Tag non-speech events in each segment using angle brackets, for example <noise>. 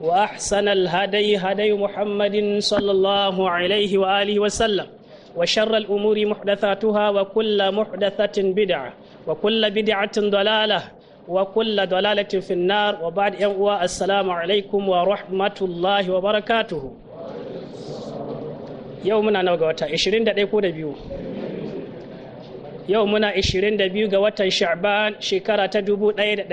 وأحسن الهدي هدي محمد صلى الله عليه وآله وسلم وشر الأمور محدثاتها وكل محدثة بدعة وكل بدعة ضلالة وكل ضلالة في النار وبعد أن السلام عليكم ورحمة الله وبركاته يومنا نوغوتا 20 دقيقة دبيو yau muna 22 ga watan sha'ban shekara ta 1436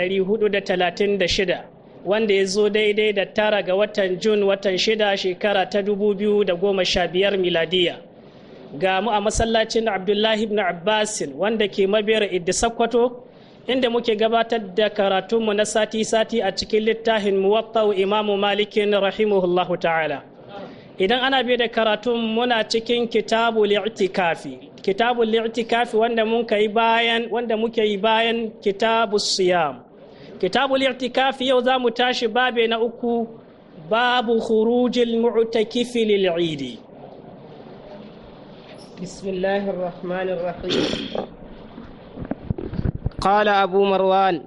wanda ya zo daidai da tara ga watan jun watan shida shekara ta dubu biyu da goma sha biyar miladiya ga mu a masallacin abdullahi ibn abbasin wanda ke mabera idda sakkwato inda muke gabatar da karatunmu na sati-sati a cikin littafin muwattau imamu malikin rahimahullahu ta'ala idan ana bi da karatun muna cikin kitabu i'tikafi kitabul wanda muka yi bayan wanda muke yi bayan kitabu siyam كتاب الاعتكاف يوزا متاش باب نأكو باب خروج المعتكف للعيد بسم الله الرحمن الرحيم قال أبو مروان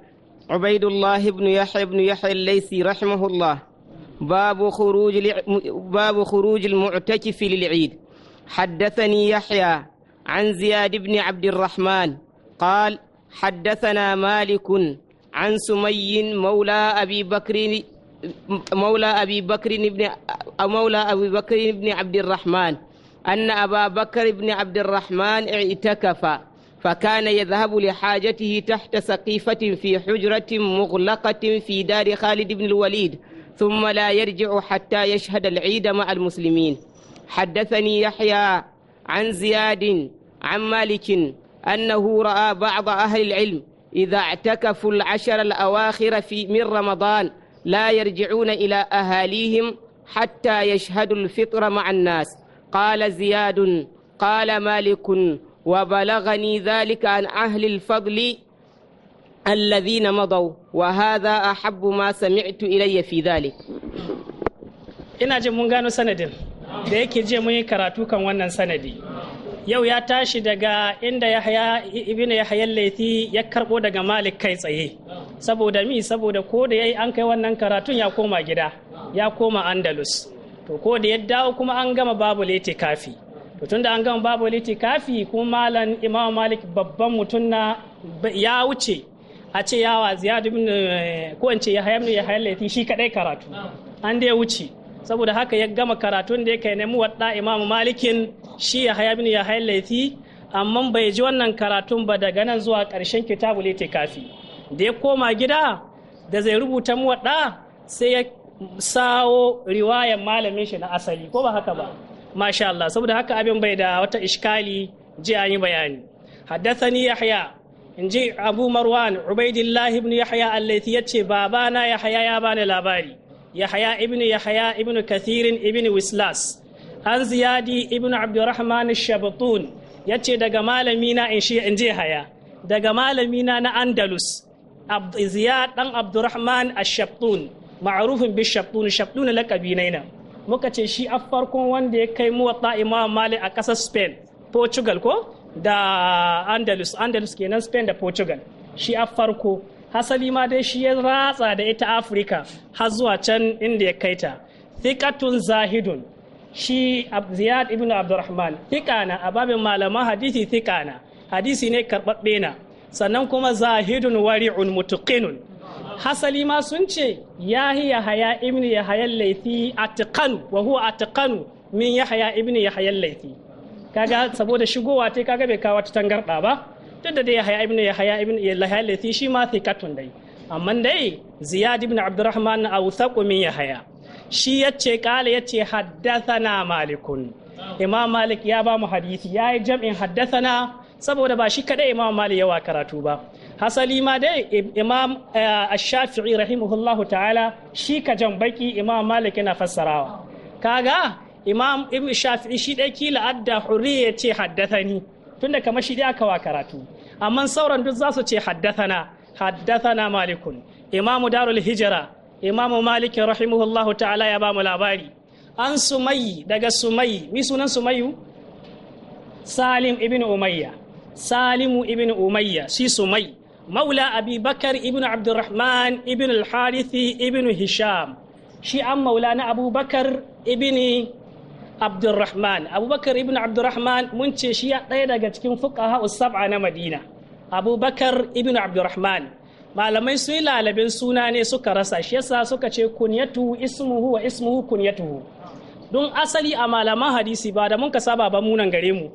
عبيد الله بن يحيى بن يحيى الليثي رحمه الله باب خروج باب خروج المعتكف للعيد حدثني يحيى عن زياد بن عبد الرحمن قال حدثنا مالك عن سمي مولى أبي بكر مولى أبي بكر بن مولى أبي بكر بن عبد الرحمن أن أبا بكر بن عبد الرحمن اعتكف فكان يذهب لحاجته تحت سقيفة في حجرة مغلقة في دار خالد بن الوليد ثم لا يرجع حتى يشهد العيد مع المسلمين حدثني يحيى عن زياد عن مالك أنه رأى بعض أهل العلم إذا اعتكفوا العشر الأواخر في من رمضان لا يرجعون إلى أهاليهم حتى يشهدوا الفطر مع الناس قال زياد قال مالك وبلغني ذلك عن أهل الفضل الذين مضوا وهذا أحب ما سمعت إلي في ذلك إن jin سندين gano sanadin كراتو كان وانا mun yau ya tashi daga inda yahya ibn yahya laifi ya karbo daga malik kai tsaye saboda mi saboda ko da yayi an kai wannan karatun ya koma gida ya koma andalus to ko da ya dawo kuma an gama babu leti kafi to tunda an gama babu leti kafi kuma malam imam malik babban mutum na ya wuce a ce yawa ziyadu eh, ko in ce yahya ibn laifi shi kadai karatu an dai wuce saboda haka ya gama karatun da ya yake nemi wadda imamu malikin shi ya haya bin ya haya laifi amma bai ji wannan karatun ba daga nan zuwa ƙarshen kitabu kafi da ya koma gida da zai rubuta mu wadda sai ya sawo riwayan malamin shi na asali ko ba haka ba masha Allah saboda haka abin bai da wata iskali ji an yi bayani haddathani yahya in ji abu marwan ubaidillah ibn yahya ce yace babana yahya ya bani labari yahya ibn yahya ibn kathirin ibn wislas an ziyadi ibn abdurrahman shabatun ya ce daga malamina in in je haya daga malamina na andalus ziyad dan abdurrahman ashabtun ma'arufin bi shabtun shabtun lakabi naina muka ce shi a farkon wanda ya kai muwatta imam malik a ƙasar spain portugal ko da andalus andalus kenan spain da portugal shi a farko hasali ma dai shi ya ratsa da ita afirka har zuwa can inda ya kai ta thiqatun zahidun shi ziyad ibn abdurrahman thiqana a babin malaman hadisi na hadisi ne karɓaɓɓe na sannan kuma zahidun wari'un mutuqinun hasali ma sun ce ya haya yahaya ibn yahaya laifi atqan wa huwa atqan min yahaya ibn yahaya laifi kaga saboda shigowa ta kaga bai kawo ta tangarda ba duk da dai yahya ibn yahya ibn yahya lati shi ma thiqatun dai amma dai ziyad ibn abdurrahman awthaqu min yahya shi yace kala yace haddathana malikun imam malik ya ba mu hadisi yayi jam'in haddathana saboda ba shi kadai imam malik yawa karatu ba hasali ma dai imam eh, ash-shafi'i rahimahullahu ta'ala shi ka jan baki imam malik yana fassarawa kaga imam ibn shafi'i shi dai kila adda hurriya ce haddathani tunda kamar shi dai aka wa karatu amma sauran duk za su ce haddathana haddathana malikun imamu darul hijira imamu malikin rahimahullahu ta'ala ya ba mu labari an sumayi daga sumayi mi sunan sumayu salim ibn umayya salimu ibn umayya shi sumayi maula abi bakar ibn abdurrahman ibn al-harithi ibn hisham shi an maula na abubakar ibn Abdulrahman abubakar ibn abdurrahman mun ce shi ya ɗaya daga cikin fuqaha sab'a na madina abubakar ibn abdurrahman malamai sun yi lalabin suna ne suka rasa shi yasa suka ce kunyatu ismuhu wa ismuhu kunyatuhu don asali a malaman hadisi ba da mun ka saba ba munan gare mu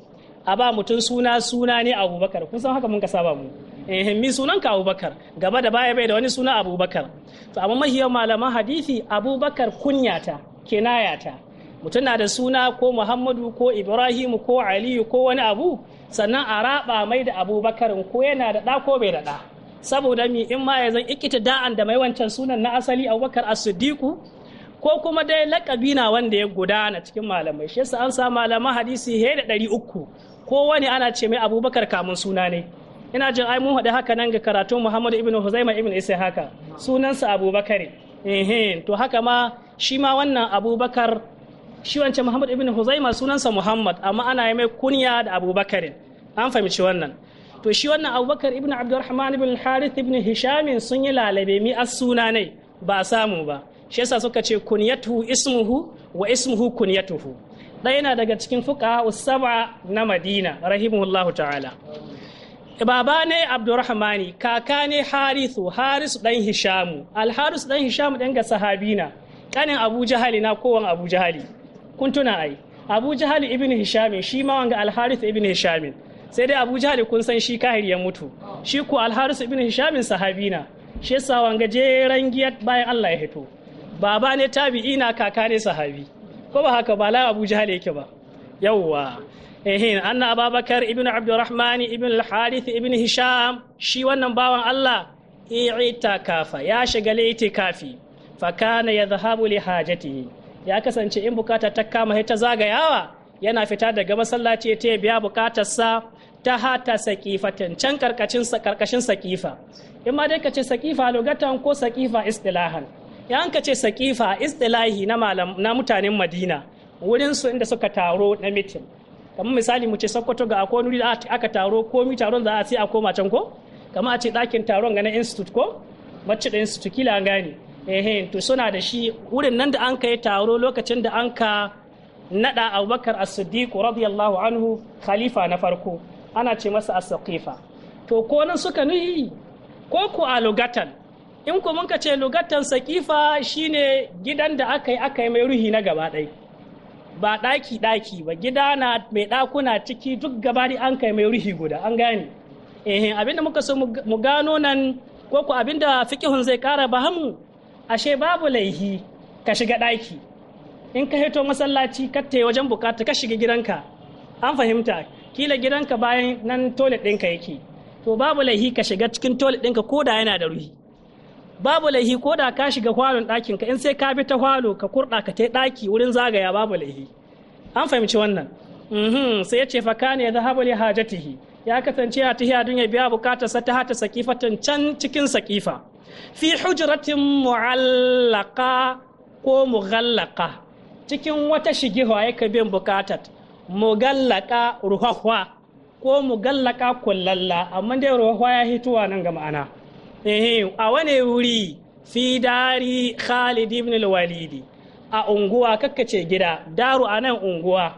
a ba mutum suna suna ne abubakar kun san haka mun ka saba mu eh mi sunan ka abubakar gaba da baya bai da wani suna abubakar to amma mahiyar malaman hadisi abubakar kunyata kenayata. mutum na da suna ko muhammadu ko ibrahimu ko aliyu ko wani abu sannan a raba mai da abubakarin ko yana da ɗa ko bai da ɗa saboda mi in ma ya zan ikita da'an da mai wancan sunan na asali abubakar a siddiqu ko kuma dai lakabi na wanda ya gudana cikin malamai shi yasa an sa malaman hadisi he da ɗari uku ko wani ana ce mai abubakar kamun suna ne ina jin ai mun haɗu haka nan ga karatun muhammadu ibn huzaima ibn isa haka sunansa abubakar ehe to haka ma shi ma wannan abubakar shi wance Muhammad ibn Huzaima sunansa Muhammad amma ana yi mai kunya da Abubakar an fahimci wannan to shi wannan Abubakar ibn Abdurrahman ibn Harith ibn Hisham sun yi lalabe mi as suna ne ba samu ba shi yasa suka ce kunyatuhu ismuhu wa ismuhu kunyatuhu ɗaya na daga cikin fuka usaba na madina rahimahullahu ta'ala baba ne Abdurrahman kaka ne harisu dan ɗan hishamu alharisu ɗan hisham dan ga sahabina kanin abu jahali na kowan abu jahali kun tuna ai abu jahal ibn hishamin shi ma wanga alharis ibn hishamin sai dai abu jahal kun san shi kahir ya mutu shi ko alharis ibn hishamin sahabi na shi yasa wanga jeran giyar bayan allah ya hito baba ne tabi'i na kaka ne sahabi ko ba haka ba lai abu jahal yake ba yawwa ehin anna ababakar ibn abdurrahman ibn al ibn hisham shi wannan bawan allah kafa ya shiga kafi fa kana yadhhabu li hajatihi ya kasance in bukata ta kama ta zagayawa yana fita daga masallaci ya taya biya bukatarsa ta hata tun can karkashin sakifa in ma dai ka ce sakifa lugatan ko sakifa istilahan ya ka ce sakifa istilahi na malam na mutanen madina wurin su inda suka taro na mitin kamar misali mu ce sokoto ga akwai nuri da aka taro komi taron za a sai a koma can ko kama a ce dakin taron ga na institute ko mace da institute kila gani. ehe to suna da shi wurin nan da an kai taro lokacin da an ka nada abubakar as-siddiq radiyallahu anhu khalifa na farko ana ce masa as to ko nan suka nuhi ko ku a lugatan in ku mun ka ce lugatan sakifa shine gidan da aka yi aka yi mai ruhi na gaba ba ɗaki ɗaki ba gida na mai ɗakuna ciki duk gaba da an kai mai ruhi guda an gane eh abinda muka so mu gano nan ko ku abinda fikihun zai kara bahamu ashe babu laihi ka shiga ɗaki in ka hito masallaci ka yi wajen bukata ka shiga gidanka an fahimta kila gidanka bayan nan toilet ɗinka yake to babu laihi ka shiga cikin toilet ɗinka ko da yana da ruhi babu laihi ko da ka shiga hwalon ɗakin ka in sai ka bi ta hwalo ka kurɗa ka ta ɗaki wurin zagaya babu laihi an fahimci wannan uhm, sai ya ce fa kana ya zahabu li hajatihi ya kasance a tahiya don ya biya bukatarsa ta hata sakifatan can cikin sakifa fi hujratin mu'allaka ko mughallaka cikin wata shigiwa ka bin bukatar mugallaka ruhahwa ko mugallaka kullalla amma dai ruhahwa ya hituwa nan ga ma'ana a wani wuri fi dari khalid ibn walidi a unguwa kakkace gida daru a nan unguwa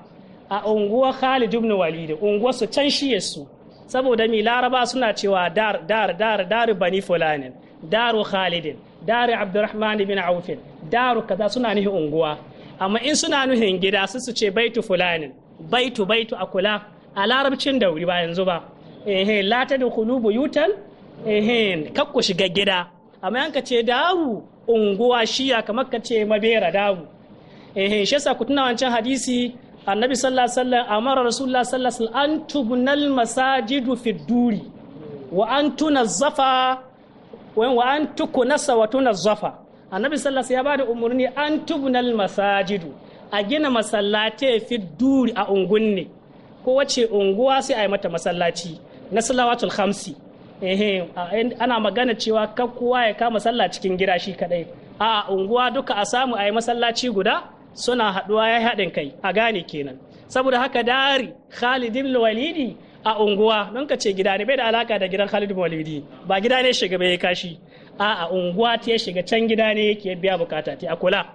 a unguwa khalid ibn walidi unguwa su can shiye su saboda mi laraba suna cewa dar dar dar dar bani fulanin daru khalidin daru abdurrahman bin aufin daru kaza suna nufin unguwa amma in suna nuhin gida su su ce baitu fulanin baitu baitu a kula a larabcin dauri ba yanzu ba eh la ta da kulubu kakku shiga gida amma yanka ce daru unguwa shiya kamar ka ce mabera daru eh shi yasa ku tuna wancan hadisi annabi sallallahu alaihi wasallam amara rasulullah sallallahu alaihi wasallam an tubnal masajidu fi duri wa an tunazzafa wa an tukunasa wa tunazzafa annabi sallallahu alaihi wasallam ya bada umurni an tubnal masajidu a gina masallatai fi duri a ungunne ko wace unguwa sai a yi mata masallaci na salawatul khamsi ana magana cewa kowa ya kama sallah cikin gida shi kadai a unguwa duka a samu a yi masallaci guda suna haɗuwa ya haɗin kai a gane kenan saboda haka dari khalidin walidi a unguwa don ka ce gida ne bai da alaka da gidan khalidin walidi ba gida ne shiga bai kashi a a unguwa ta ya shiga can gida ne yake biya bukata ta a kula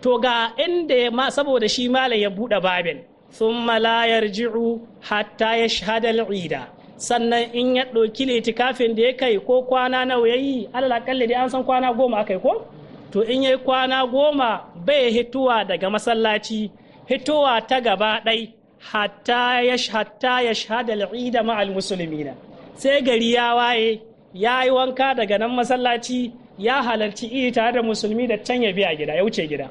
to ga inda ma saboda shi malam ya buɗe babin sun malayar ji'u hatta ya shahada ida sannan in ya ɗauki litikafin da ya kai ko kwana nawa ya yi alalakalle dai an san kwana goma akai ko to in yayi kwana goma bai hituwa daga masallaci hitowa ta gaba ɗai hatta ya hatta ya shahada al'ida ma'al musulmina sai gari ya waye ya yi wanka daga nan masallaci ya halarci iri tare da musulmi da can ya biya gida ya wuce gida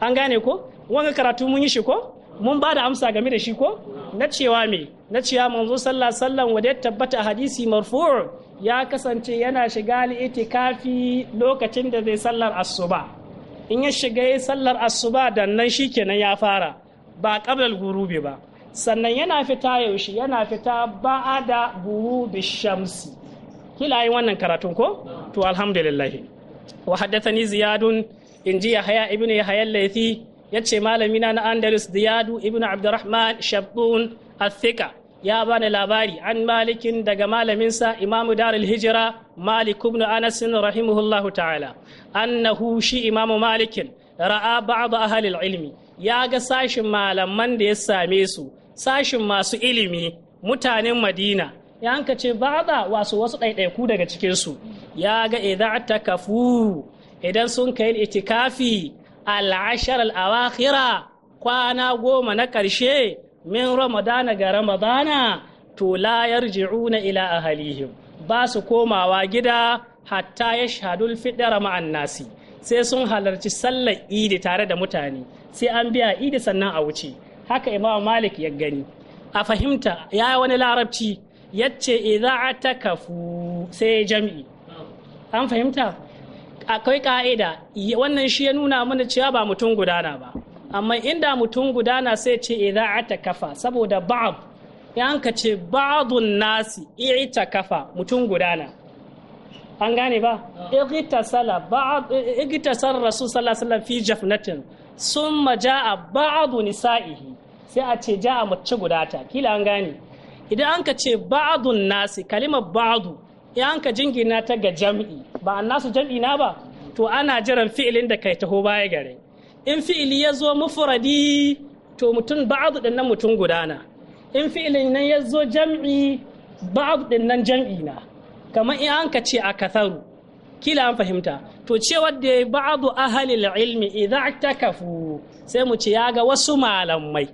an gane ko wanga karatu mun yi shi ko mun ba amsa game da shi ko na cewa me na cewa manzo sallallahu alaihi wasallam ya tabbata hadisi marfu' ya kasance yana shiga itikafi lokacin da zai sallar asuba in ya shiga ya sallar asuba da nan shikenan ya fara ba qablal gurubi ba sannan yana fita yaushe yana fita ba'ada gurubi shamsi kila yi wannan karatun ko to alhamdulillah wa haddathani ziyadun inji yahya ibn yahya al-laythi yace malamina na andalus ziyadu ibn abdurrahman shabun al-thika ya bani labari an malikin daga malaminsa imamu darul hijira malik ibn anas rahimahullahu ta'ala annahu shi imamu malikin ra'a ba'd ahli ilmi ya ga sashin malaman da ya same su sashin masu ilimi mutanen madina ya hanka ce ba'da wasu wasu ɗaiɗaiku daga cikin su ya ga idan takafu idan sun kai itikafi al-ashar al-awakhira kwana goma na ƙarshe min ramadana ga ramadana to la yarji'una ila ahalihim ba su komawa gida hatta ya shahadul fiɗar ma'an nasi sai sun halarci sallar idi tare da mutane sai an biya idi sannan a wuce haka imam malik ya gani a fahimta ya yi wani larabci yace idza atakafu sai jam'i an fahimta akwai ka'ida wannan shi ya nuna mana cewa ba mutum gudana ba amma inda mutum guda na sai ce ta kafa saboda ya an ka ce ba'adun nasi i'ta kafa mutum guda na an gane ba ah. ightasala ba'd rasu rasul fi alaihi wasallam fi jafnatin summa a ba'd nisa'ihi sai a ce a mace guda ta kila an gane idan an ka ce ba'adun nasi kalimar ya an ka jingina ta ga jam'i ba nasu jam'i na ba to ana jiran fi'ilin da kai taho baya gare in fi'ili ya zo mufradi to mutum ba'adu din nan mutum gudana in fi'ilin nan ya zo jam'i ba'adu din nan jam'i na kamar in an ka ce a katharu kila an fahimta to cewa da ba'adu ahalil ilmi idza takafu sai mu ce ya ga wasu malamai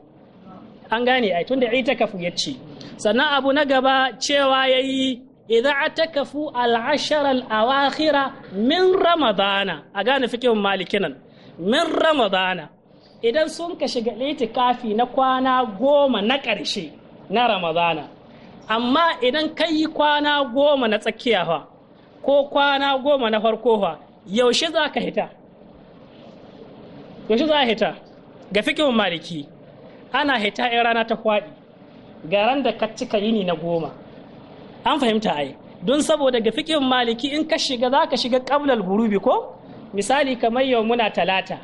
an gane ai tunda itakafu ya ce sannan abu na gaba cewa yayi idza atakafu al-ashara al-awakhira min ramadana a gane fikin malikinan min ramadana idan sun ka shiga itikafi na kwana goma na ƙarshe na ramadana amma idan kai yi kwana goma na tsakiya fa ko kwana goma na farko fa yaushe za ka hita yaushe za a hita ga fikin maliki ana hita in rana ta kwaɗi ga ran da ka cika yini na goma an fahimta ai don saboda ga fikin maliki in ka shiga za ka shiga ƙablal gurubi ko misali kamar yau muna talata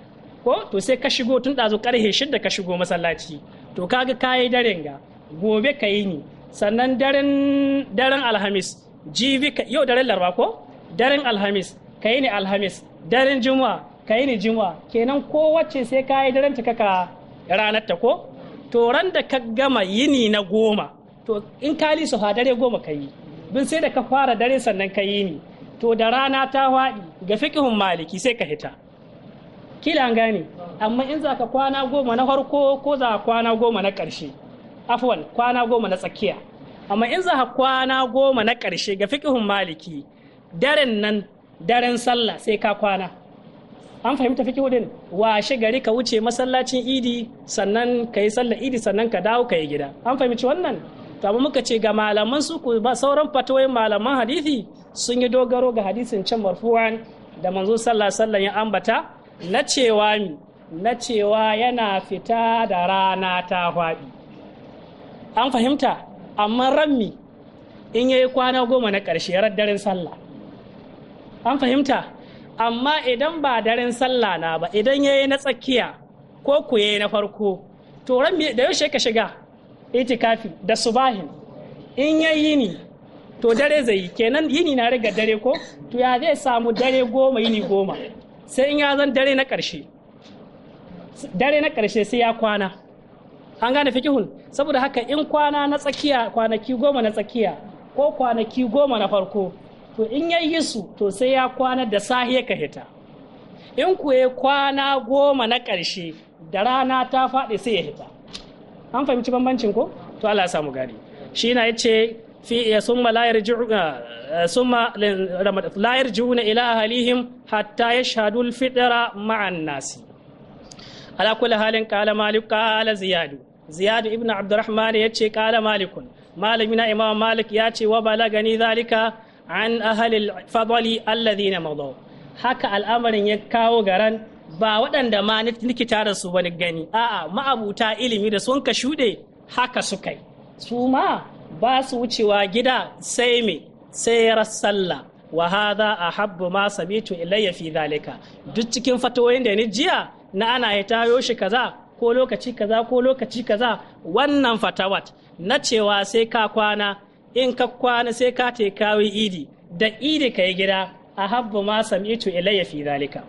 ko to sai ka shigo tun ɗazu ƙarhe shidda ka shigo masallaci to kaga kayi daren ga gobe ka yi ni sannan daren daren alhamis jibi ka yau daren laraba ko daren alhamis ka yi ni alhamis daren juma'a ka yi ni juma'a kenan kowace sai ka yi daren ta ranar ta ko to ran da ka gama yini na goma to in ka su ha dare goma ka yi bin sai da ka fara dare sannan ka yi ni to da rana ta faɗi ga fiƙihun maliki sai ka hita kila gane amma in za ka kwana goma na farko ko za ka kwana goma na ƙarshe afwan kwana goma na tsakiya amma in za ka kwana goma na ƙarshe ga fiƙihun maliki daren nan daren sallah sai ka kwana an fahimta fiƙihu din washe gari ka wuce masallacin idi sannan ka yi sallar idi sannan ka dawo ka yi gida an fahimci wannan to muka ce ga malaman su ba sauran fatoyin malaman hadisi? sun yi dogaro ga hadisin can marfu'an da manzo sallallahu alaihi ya ambata na cewa mi na cewa yana fita da rana ta faɗi an fahimta amma rammi in yayi kwana goma na ƙarshe ran daren sallah an fahimta amma idan ba daren sallah na ba idan yayi na tsakiya ko ku yayi na farko to rammi da yaushe ka shiga itikafi da subahin in yayi ni to dare zai yi kenan yini na riga dare ko to ya zai samu dare goma yini goma sai in ya zan dare na ƙarshe dare na ƙarshe sai ya kwana an gane fikihun saboda haka in kwana na tsakiya kwanaki goma na tsakiya ko kwanaki goma na farko to in ya yi su to sai ya kwana da sahiya ka hita in ya kwana goma na ƙarshe da rana ta faɗi sai ya hita an fahimci bambancin ko to Allah ya samu gari shi na ce. fi summa la yarji'una summa la yarji'una ila ahlihim hatta ya al-fitra ma'an nasi ala kulli halin qala malik qala ziyad ziyad ibn abdurrahman yace qala malikun malamina imam malik yace wa bala balagani zalika an ahli al-fadli alladhina madaw haka al'amarin ya kawo garan ba waɗanda ma nikita da su wani gani a'a ma'abuta ilimi da sun ka shuɗe haka suka yi su ma ba su wucewa gida sai me sai sallah wa hadha ahabbu ma samitu ilayya fi zalika duk cikin fatoyin da ni jiya na ana ya tayo shi kaza ko lokaci kaza ko lokaci kaza wannan fatawat na cewa sai ka kwana in ka kwana sai ka te kawi idi da idi ka yi gida ahabbu ma samitu ilayya fi zalika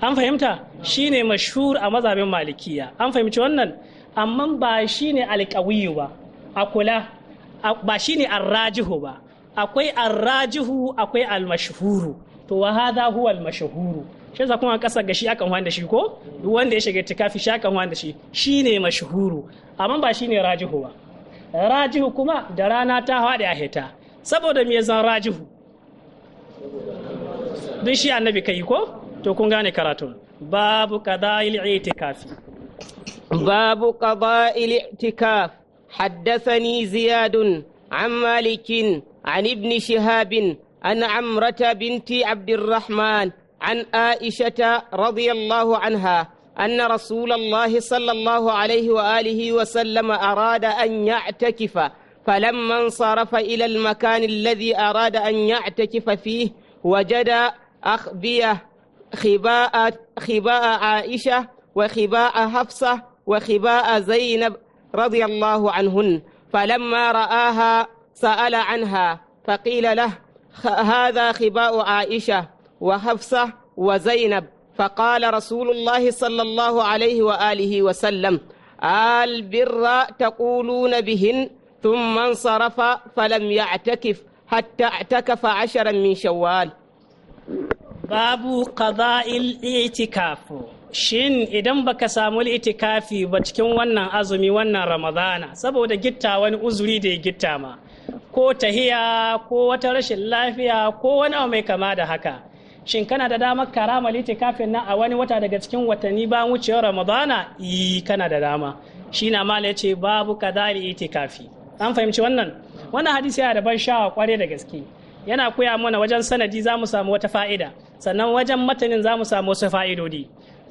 an fahimta shine mashhur a mazhabin malikiya an fahimci wannan amma ba shine alƙawiyu ba a kula ba shi shine arrajihu ba akwai arrajihu akwai almashuhuru to wa hadha huwa almashuhuru shi yasa kuma kasa gashi akan wanda shi ko duk wanda ya shiga tikafi shi akan wanda shi shine mashuhuru amma ba shine rajihu ba rajihu kuma da rana ta haɗe a heta saboda me zan rajihu duk shi annabi kai ko to kun gane karatun babu qada'il itikafi babu qada'il itikaf حدثني زياد عن مالك عن ابن شهاب عن عمرة بنت عبد الرحمن عن عائشة رضي الله عنها أن رسول الله صلى الله عليه وآله وسلم أراد أن يعتكف فلما انصرف إلى المكان الذي أراد أن يعتكف فيه وجد أخبية خباء, خباء عائشة وخباء حفصة وخباء زينب رضي الله عنهن فلما رآها سأل عنها فقيل له هذا خباء عائشة وحفصة وزينب فقال رسول الله صلى الله عليه وآله وسلم بر تقولون بهن ثم انصرف فلم يعتكف حتى اعتكف عشرا من شوال باب قضاء الاعتكاف shin idan baka samu itikafi ba cikin wannan azumi wannan ramadana saboda gitta wani uzuri da ya gitta ma ko tahiya ko wata rashin lafiya ko wani abu mai kama da haka shin kana da damar karama itikafin nan a wani wata daga cikin watanni ba wucewar ramadana yi kana da dama shi na mala ce babu kadari itikafi an fahimci wannan wannan hadisi yana da ban sha'awa kware da gaske yana koya mana wajen sanadi za mu samu wata fa'ida sannan wajen matanin za mu samu wasu fa'idodi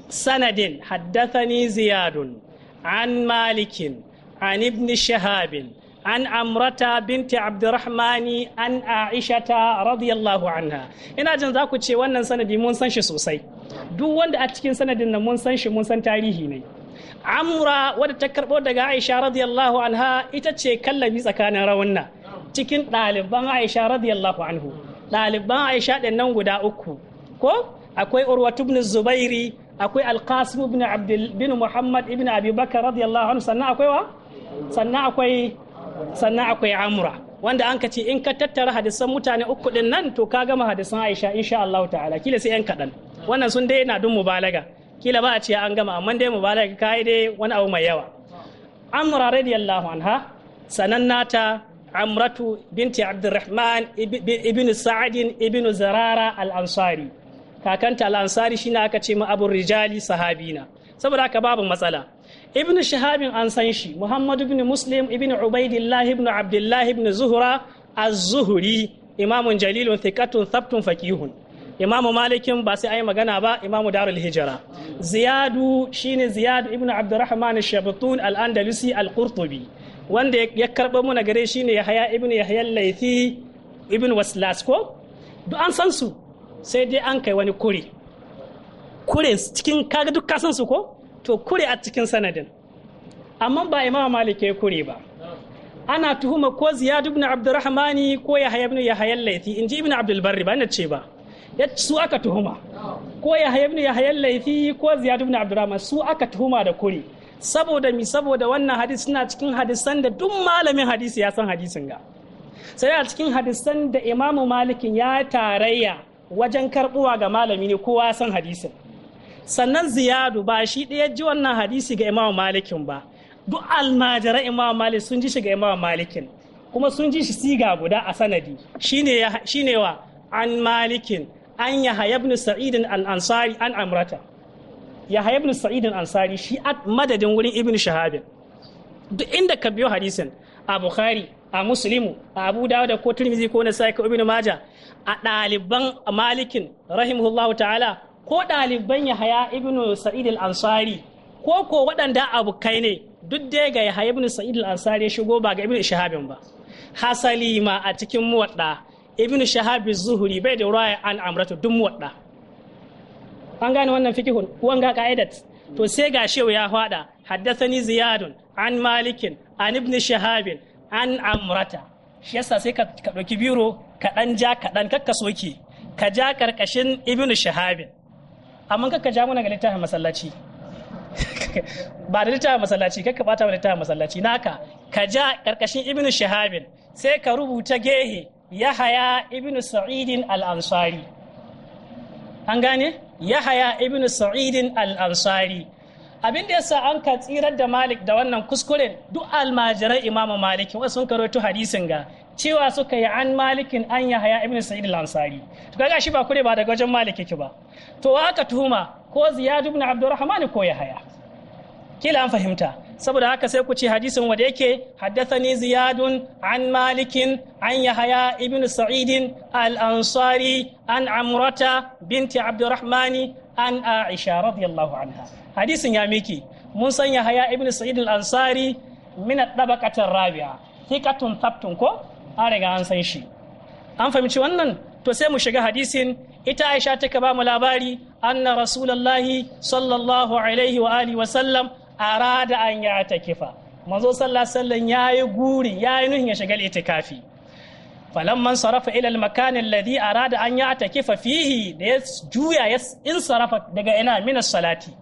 sanadin haddatani ziyadun an malikin an ibn shahabin an amrata binti abdurrahmani an aishata radiyallahu anha ina jin za ku ce wannan sanadi mun san sosai duk wanda a cikin sanadin nan mun san mun san tarihi ne amra wadda ta karbo daga aisha radiyallahu anha ita ce kallabi tsakanin rawanna cikin ɗaliban aisha radiyallahu anhu ɗaliban aisha ɗin nan guda uku ko akwai urwatu ibn zubairi akwai alqasim bin abdul bin muhammad ibn abi bakar radiyallahu anhu sannan akwai wa sannan akwai sannan akwai amura wanda an ka ce in ka tattara hadisan mutane uku din nan to ka gama hadisan aisha insha Allah ta'ala kila sai yan kaɗan wannan sun dai na dun mubalaga kila ba a ce an gama amma dai mubalaga kai dai wani abu mai yawa amura radiyallahu anha sanan nata amratu binti abdurrahman ibn sa'adin ibn zarara al-ansari kakanta al-ansari shine aka ce ma abu rijali sahabina saboda haka babu matsala ibnu shahabin an san shi muhammad ibn muslim ibn ubaidillah ibn abdullah ibn zuhra az-zuhri imamun jalilun thiqatun thabtun faqihun imamu malikin ba sai yi magana ba imamu darul hijra ziyadu shine Ziyadu ibn abdurrahman shabtun al-andalusi al-qurtubi wanda ya karɓo muna gare shine yahya ibn yahya al-laythi ibn waslas ko duk an san su sai dai an kai wani kure kure cikin kaga duk kasan su ko to kure a cikin sanadin amma ba imam malik ya kure ba ana tuhuma ko ziyad ibn abdurrahmani ko yahya ibn yahya al-laythi inji ibn abdul barri ba na ce ba su aka tuhuma ko yahya ibn yahya laythi ko ziyad ibn abdurrahman su aka tuhuma da kure saboda mi saboda wannan hadis suna cikin hadisan da duk malamin hadisi ya san hadisin ga sai a cikin hadisan da imamu malikin ya tarayya wajen karbuwa ga malami ne kowa ya san hadisin sannan ziyadu ba shi ɗaya ji wannan hadisi ga imam malikin ba duk almajiran imam malik sun ji shi ga imam malikin kuma sun ji shi siga guda a sanadi shine wa an malikin an haya ibn sa'idin al ansari an amrata haya ibn sa'idin ansari shi madadin wurin ibn shahabin duk inda ka biyo hadisin a bukhari a muslimu a abu dawuda ko tirmizi ko na ko ibnu maja a ɗaliban malikin rahimahullahu ta'ala ko ɗaliban yahaya ibnu sa'id al-ansari ko ko waɗanda abokai ne duk da ga haya ibnu sa'id al-ansari ya shigo ba ga ibnu shahabin ba hasali ma a cikin muwadda ibnu shahabi zuhuri bai da ruwaya an amratu duk muwadda an gane wannan fikihun ga ka'idat to sai ga shewa ya fada haddathani ziyadun an malikin an ibnu shahabin an amurata shi yasa sai ka ɗauki biro ka ɗan ja ka ɗan kakka soke ka ja ƙarƙashin ibnu shahabin amma kakka ja mana ga littafin masallaci <laughs> ba da littafin masallaci kakka ta wa littafin masallaci naka ka ja ƙarƙashin ibnu shahabin sai ka rubuta gehe yahaya ibnu sa'idin al-ansari an gane yahaya ibnu sa'idin al-ansari abin da yasa an ka tsirar da malik da wannan kuskuren duk almajiran imamu malik wasu sun karoto hadisin ga cewa suka yi an malikin an ya haya ibn sa'id al-ansari to kaga shi ba kure ba daga wajen malik yake ba to wa aka tuhuma ko ziyad ibn abdurrahman ko ya haya kila an fahimta saboda haka sai ku ce hadisin wanda yake haddathani ziyadun an malikin an yahaya ibn Sa'id al-ansari an amrata binti abdurrahman an aisha radiyallahu anha hadisin ya miki mun sanya haya ibn sa'id al-ansari min ad-dabaqatir rabi'a thiqatun thabtun ko an riga an san shi an fahimci wannan to sai mu shiga hadisin ita Aisha take ba mu labari anna rasulullahi sallallahu alaihi wa alihi wa sallam arada an ya takifa manzo sallallahu alaihi yayi guri yayi nuhin ya shiga itikafi falamman sarafa ila almakan alladhi arada an ya takifa fihi da ya juya in sarafa daga ina min salati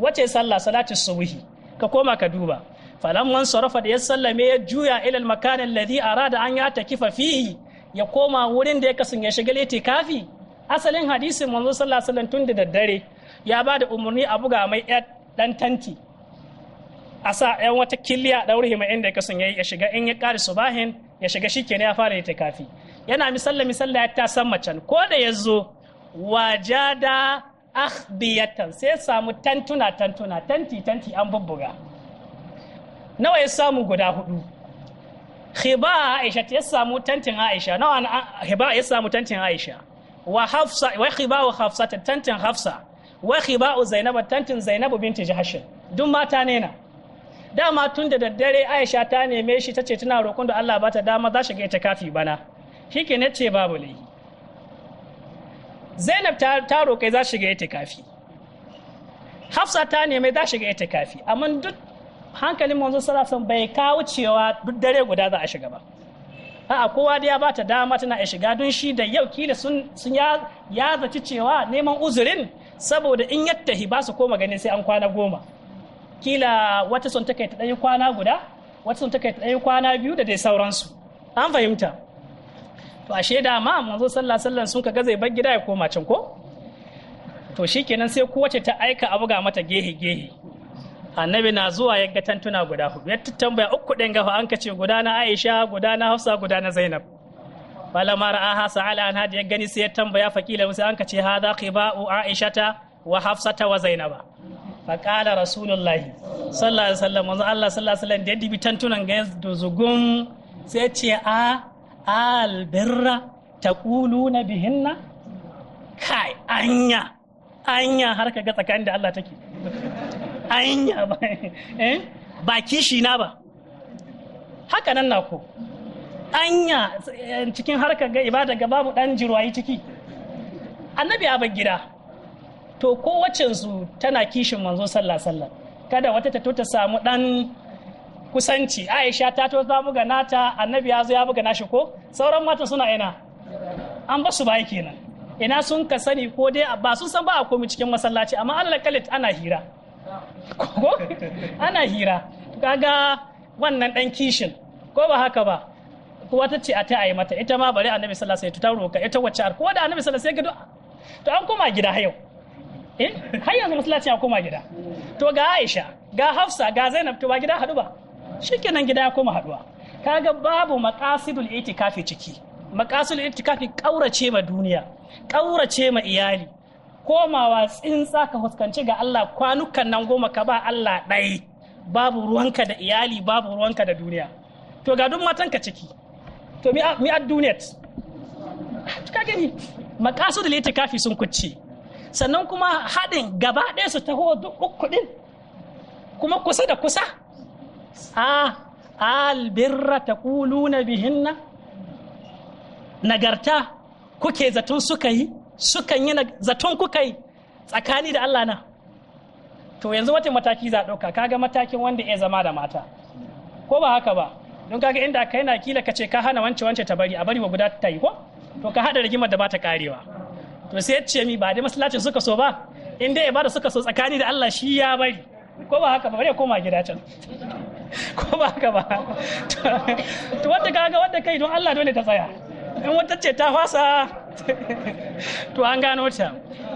wace sallah salatu subhi ka koma ka duba falamman sarafa da ya sallame ya juya ilal makanin alladhi arada an ya takifa fihi ya koma wurin da ya kasan ya shiga kafi. asalin hadisin manzo sallallahu alaihi wasallam tun da daddare ya ba da umarni a buga mai yar dan tanti a sa yan wata kiliya daure mai inda ya kasan ya shiga in ya kare subahin ya shiga shikenan ya fara kafi yana misalla misalla ya ta san macan ko da zo wajada akhbiyatan sai samu tantuna tantuna tanti tanti an bubbuga nawa ya samu guda hudu khiba aisha ya samu tantin aisha nawa khiba ya samu tantin aisha wa hafsa wa khiba wa hafsa tantin hafsa wa khiba zainab tantin zainab binti jahsh dun mata ne na dama tun da daddare aisha ta neme shi tace tana roƙon da Allah ba ta dama za shi ga ita kafi bana shike ne ce babu laifi zainab ta roƙe za shiga kafi hafsa ta neme za shiga kafi amma duk hankalin manzo sarrafin bai kawo cewa duk dare guda za a shiga ba a'a kowa da ya ba ta dama tana a shiga don shi da yau kila sun ya zaci cewa neman uzurin saboda in ya hi ba su koma ganin sai an kwana goma kila wata sun ta kai ta kwana guda wata sun ta kai ta kwana biyu da dai sauransu an fahimta to ashe da ma manzo sallallahu alaihi sun kaga zai bar gida ya koma can ko to shikenan sai kowace ta aika abu ga mata gehe gehe annabi na zuwa ya ga tantuna guda hudu ya tambaya uku din gafa an kace guda na Aisha guda na Hafsa guda na Zainab falamma ra'aha sa'ala an hadi ya gani sai ya tambaya fakila sai an kace hadha qiba'u Aishata wa Hafsata wa Zainaba faƙala rasulullahi sallallahu alaihi wasallam manzo Allah sallallahu alaihi wasallam da yadda tantunan tunan ga zugun sai ce a ah, albirra ta na bihinna kai anya anya har ka ga tsakanin da Allah take anya ba eh? ba kishi na ba haka nan na ko anya eh, cikin har ka ga ibada ga babu dan jirwayi ciki annabi ya bar gida to ko su tana kishin manzo sallah sallah kada wata ta to ta samu dan kusanci aisha ta to mu gana ta annabi ya zo ya buga nashi ko sauran mata suna ina an basu baya kenan ina sun ka sani ko dai ba sun san ba a komi cikin masallaci amma allah kalit ana hira ko ana hira kaga wannan dan kishin ko ba haka ba kuwa ta ce a ta ayi mata ita ma bari annabi sallallahu alaihi wasallam ta roka ita wacce ar ko da annabi sallallahu alaihi wasallam to an koma gida yau eh har yanzu masallaci an koma gida to ga Aisha ga Hafsa ga Zainab to ba gida hadu ba shikenan gida ya koma haduwa kaga babu maqasidul itikafi ciki maqasidul itikafi kaurace ma duniya kaurace ma iyali komawa tsintsa ka fuskanci ga Allah kwanukan nan goma ka ba Allah ɗai babu ruwanka da iyali babu ruwanka da duniya to ga duk matanka ciki to mi ad duniyat ka gani itikafi sun kuce sannan kuma haɗin gaba ɗaya su taho duk kuɗin kuma kusa da kusa a ah, albirra ta na bihinna nagarta kuke zaton suka yi sukan yi zaton kuka yi tsakani da Allah na to yanzu wata mataki za ɗauka kaga matakin wanda ya zama da mata ko ba haka ba don kaga inda kai na kila ka ce ka hana wance wance ta bari a bari wa guda ta yi ko to ka hada rigimar da ba ta karewa to sai ya ce mi ba dai masallacin suka so ba in dai da suka so tsakani da Allah shi ya bari ko ba haka ba ya koma gida can <laughs> ko ba haka ba <laughs> to wanda kaga wanda kai don Allah dole ta tsaya in wata ce ta fasa <laughs> to an gano ta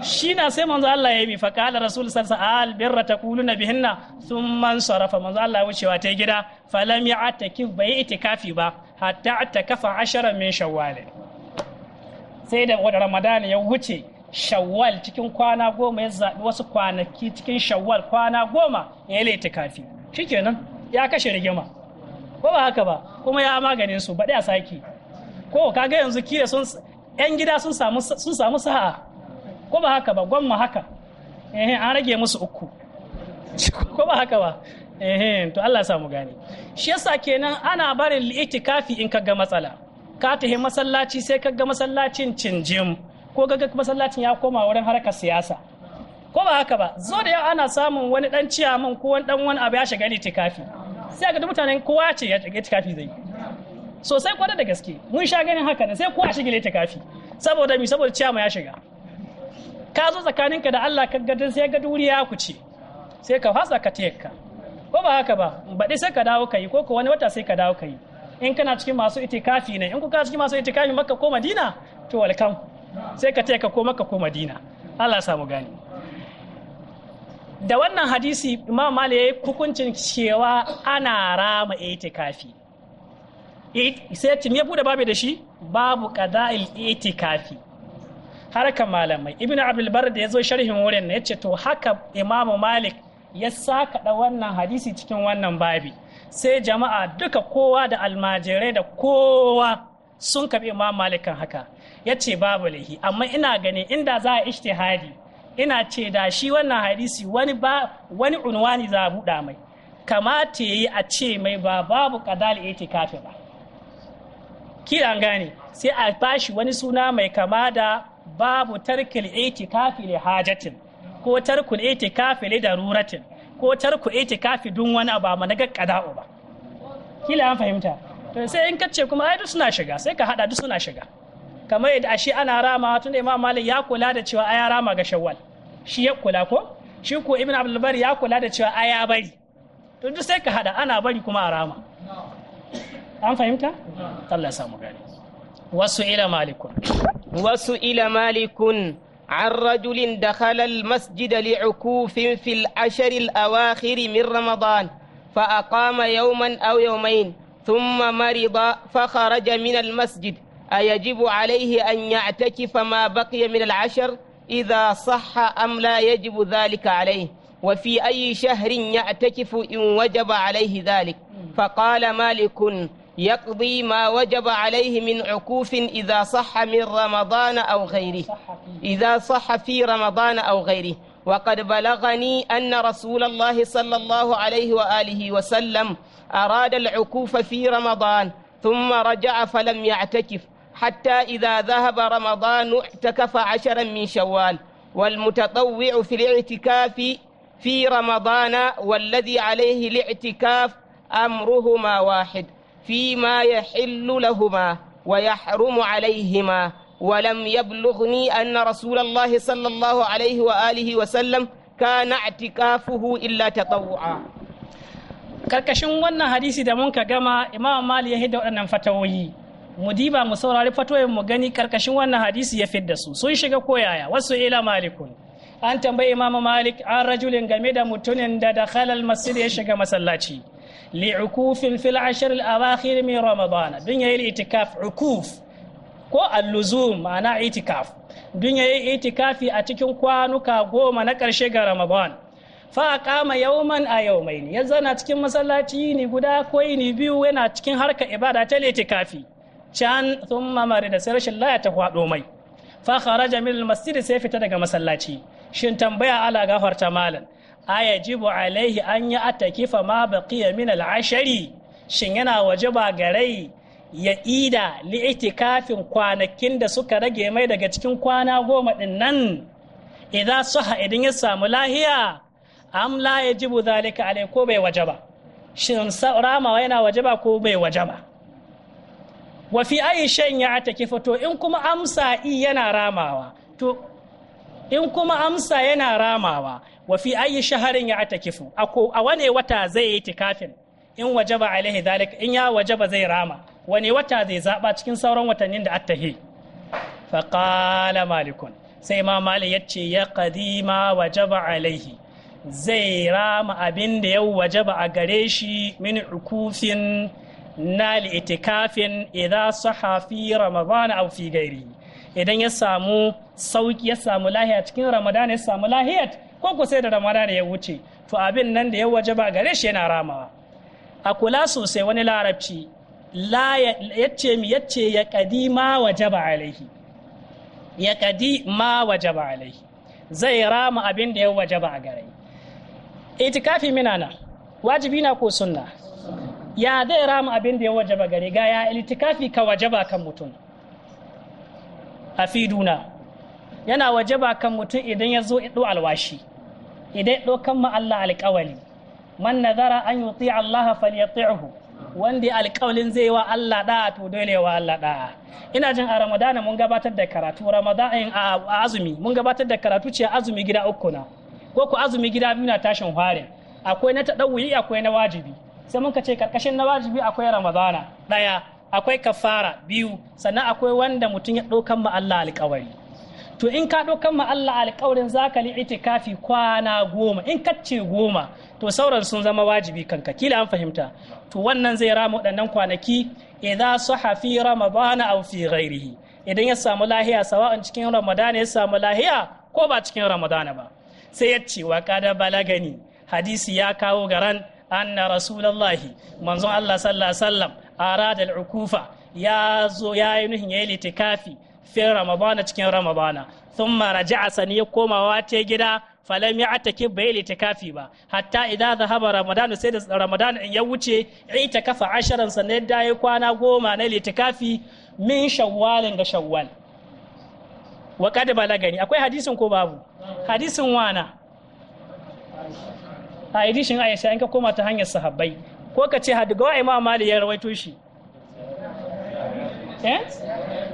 shi na sai manzo Allah ya yi mi faqala rasul sallallahu alaihi birra taquluna bihinna thumma sarafa manzo Allah ya wucewa ta gida falam ya'taki bai itikafi ba hatta atakafa ashara min shawwal sai da wata ramadan ya wuce shawwal cikin kwana goma ya zaɓi wasu kwanaki cikin shawwal kwana goma ya laita kafi. shikenan ya kashe rigima ko ba haka ba kuma ya maganin su baɗi a saki ko kaga yanzu kila sun yan gida sun samu sun samu sa'a ko ba haka ba gwamma haka eh an rage musu uku <laughs> ko ba haka ba eh to Allah ya samu gane shi yasa kenan ana barin li'itikafi in kaga matsala ka tahi masallaci sai kaga masallacin cinjim ko kaga masallacin ya koma wurin harkar siyasa ko ba haka ba zo da yawa ana samun wani dan ciyaman ko wani dan wani abu ya shiga ne tikafi sai ga mutanen kowa ce ya shiga tikafi zai sosai kwada da gaske mun sha ganin haka ne sai kowa shiga ne tikafi saboda mi saboda ciyama ya shiga ka zo tsakaninka da Allah ka gadin sai ga duri ya kuce sai ka fasa ka tiyarka ko ba haka ba baɗi sai ka dawo ka yi ko wani wata sai ka dawo ka yi in kana cikin masu itikafi ne in kuka cikin masu itikafi makka ko madina to welcome sai ka tayyaka ko makka ko madina Allah ya samu gani da wannan hadisi imam malik ya yi hukuncin cewa ana rama itikafi sai ya bude babu da shi babu qada'il itikafi harkan malamai ibnu abdul bar da yazo sharhin wurin ya ce to haka imam malik ya saka da wannan hadisi cikin wannan babi sai jama'a duka kowa da almajirai da kowa sun kabi imam malikan haka ya ce babu lahi amma ina gani inda za a ishtihadi ina ce da shi wannan hadisi wani ba wani unwani za a buɗa mai kamata yi a ce mai ba babu kadal itikafi ba kiran gane sai a bashi wani suna mai kama da babu tarkil itikafi le hajatin ko tarkul itikafi le daruratin ko tarku itikafi dun wani ba ma na gaggada ba kila an fahimta to sai in kace kuma ai duk suna shiga sai ka hada duk suna shiga kamar yadda ashe ana rama tun da imam malik ya kula da cewa ai rama ga shawwal shi ya kula ko shi ko ibn abdul bari ya kula da cewa aya bari to duk sai ka hada ana bari kuma a rama an fahimta Allah ya samu gani wasu ila malikun wasu ila malikun عن fil دخل المسجد min ramadan fa الأواخر من رمضان فأقام يوما أو يومين ثم مرض فخرج من anya أيجب عليه أن ma ما بقي من العشر إذا صح أم لا يجب ذلك عليه وفي أي شهر يعتكف إن وجب عليه ذلك فقال مالك يقضي ما وجب عليه من عكوف إذا صح من رمضان أو غيره إذا صح في رمضان أو غيره وقد بلغني أن رسول الله صلى الله عليه وآله وسلم أراد العكوف في رمضان ثم رجع فلم يعتكف حتى إذا ذهب رمضان اعتكف عشرا من شوال والمتطوع في الاعتكاف في رمضان والذي عليه الاعتكاف أمرهما واحد فيما يحل لهما ويحرم عليهما ولم يبلغني أن رسول الله صلى الله عليه وآله وسلم كان اعتكافه إلا تطوعا karkashin wannan hadisi da mun ka gama imam mali ya hidda waɗannan fatawoyi mu diba mu saurari fatoyin mu gani karkashin wannan hadisi ya fidda su sun shiga koyaya wasu ila malikun an tambayi imamu malik an rajulin game da mutumin da khalal almasjid ya shiga masallaci li ukufin fil ashr al awakhir min ramadan dun yayi itikaf ukuf ko alluzum ma'ana itikaf dun yayi itikafi a cikin kwanuka goma na karshe ga ramadan fa kama yauman a yaumaini ya zana cikin masallaci ni guda ko ni biyu yana cikin harka ibada ta litikafi can sun mamari da sai rashin laya ta kwaɗo mai fa kharaja min masjid sai fita daga masallaci shin tambaya ala gafarta malam jibu alaihi an ya atakifa ma baqiya min al-ashari shin yana wajaba garai ya ida li'itikafin kwanakin da suka rage mai daga cikin kwana goma din nan idan saha idan ya samu lahiya am la yajibu zalika alai ko bai wajaba shin rama yana wajaba ko bai wajaba wa fi ayi shan ya ta kifa to in kuma amsa i yana ramawa to in kuma amsa yana ramawa wa fi ayi shaharin ya ta kifu a wane wata zai yi tikafin in wajaba alaihi zalik in ya wajaba zai rama wane wata zai zaba cikin sauran watannin da attahi qala malikun sai ma malik yace ya qadima wajaba alaihi zai rama abin da ya wajaba a gare shi min ukufin na li'itikafin idan saha fi ramadan au fi gairi idan ya samu sauki ya samu lahiya cikin ramadan ya samu lahiyat ko ko sai da ramadan ya wuce to abin nan da ya waje ba gare shi yana ramawa a kula sosai wani larabci yace mi yace ya kadima ba alaihi ya kadi ma ba alaihi zai rama abin da ya ba a gare itikafi minana wajibi na ko sunna ya zai rama abin da ya wajaba gare ga ya iltikafi ka wajaba kan mutum a fiduna yana wajaba kan mutum idan ya zo ido alwashi idan ido kan ma Allah alƙawali man nazara an yuti Allah falyati'hu wanda alƙawalin zai wa Allah da to dole wa Allah da ina jin a Ramadana mun gabatar da karatu Ramadan a azumi mun gabatar da karatu ce azumi gida uku na ko ku azumi gida biyu na tashin hware akwai na tadawuyi akwai na wajibi sai muka ce karkashin na wajibi akwai ramadana ɗaya akwai kafara biyu sannan akwai wanda mutum ya ɗaukan ma Allah alƙawari to in ka ɗaukan ma Allah alƙawarin zaka li itikafi kwana goma in ka ce goma to sauran sun zama wajibi kanka kila an fahimta to wannan zai rama waɗannan kwanaki idan saha fi ramadana aw fi ghairihi idan ya samu lahiya sawa'an cikin ramadana ya samu lahiya ko ba cikin ramadana ba sai ya ce wa kada balagani hadisi ya kawo garan anna rasulallahi manzon Allah sallallahu alaihi wasallam arada al-ukufa ya zo ya yi nuhin ya yi litikafi fin ramadana cikin ramadana thumma raja'a sani ya komawa ta gida falam ya ba bai litikafi ba hatta idan zahaba ramadan sai da ramadan in ya wuce ita kafa asharan sanai da ya kwana goma na litikafi min shawwalin ga shawwal wa kad balagani akwai hadisin ko babu hadisin wana a edishin aisha in ka koma ta hanyar sahabbai ko ka ce hadigawa imam mali ya rawaito shi eh?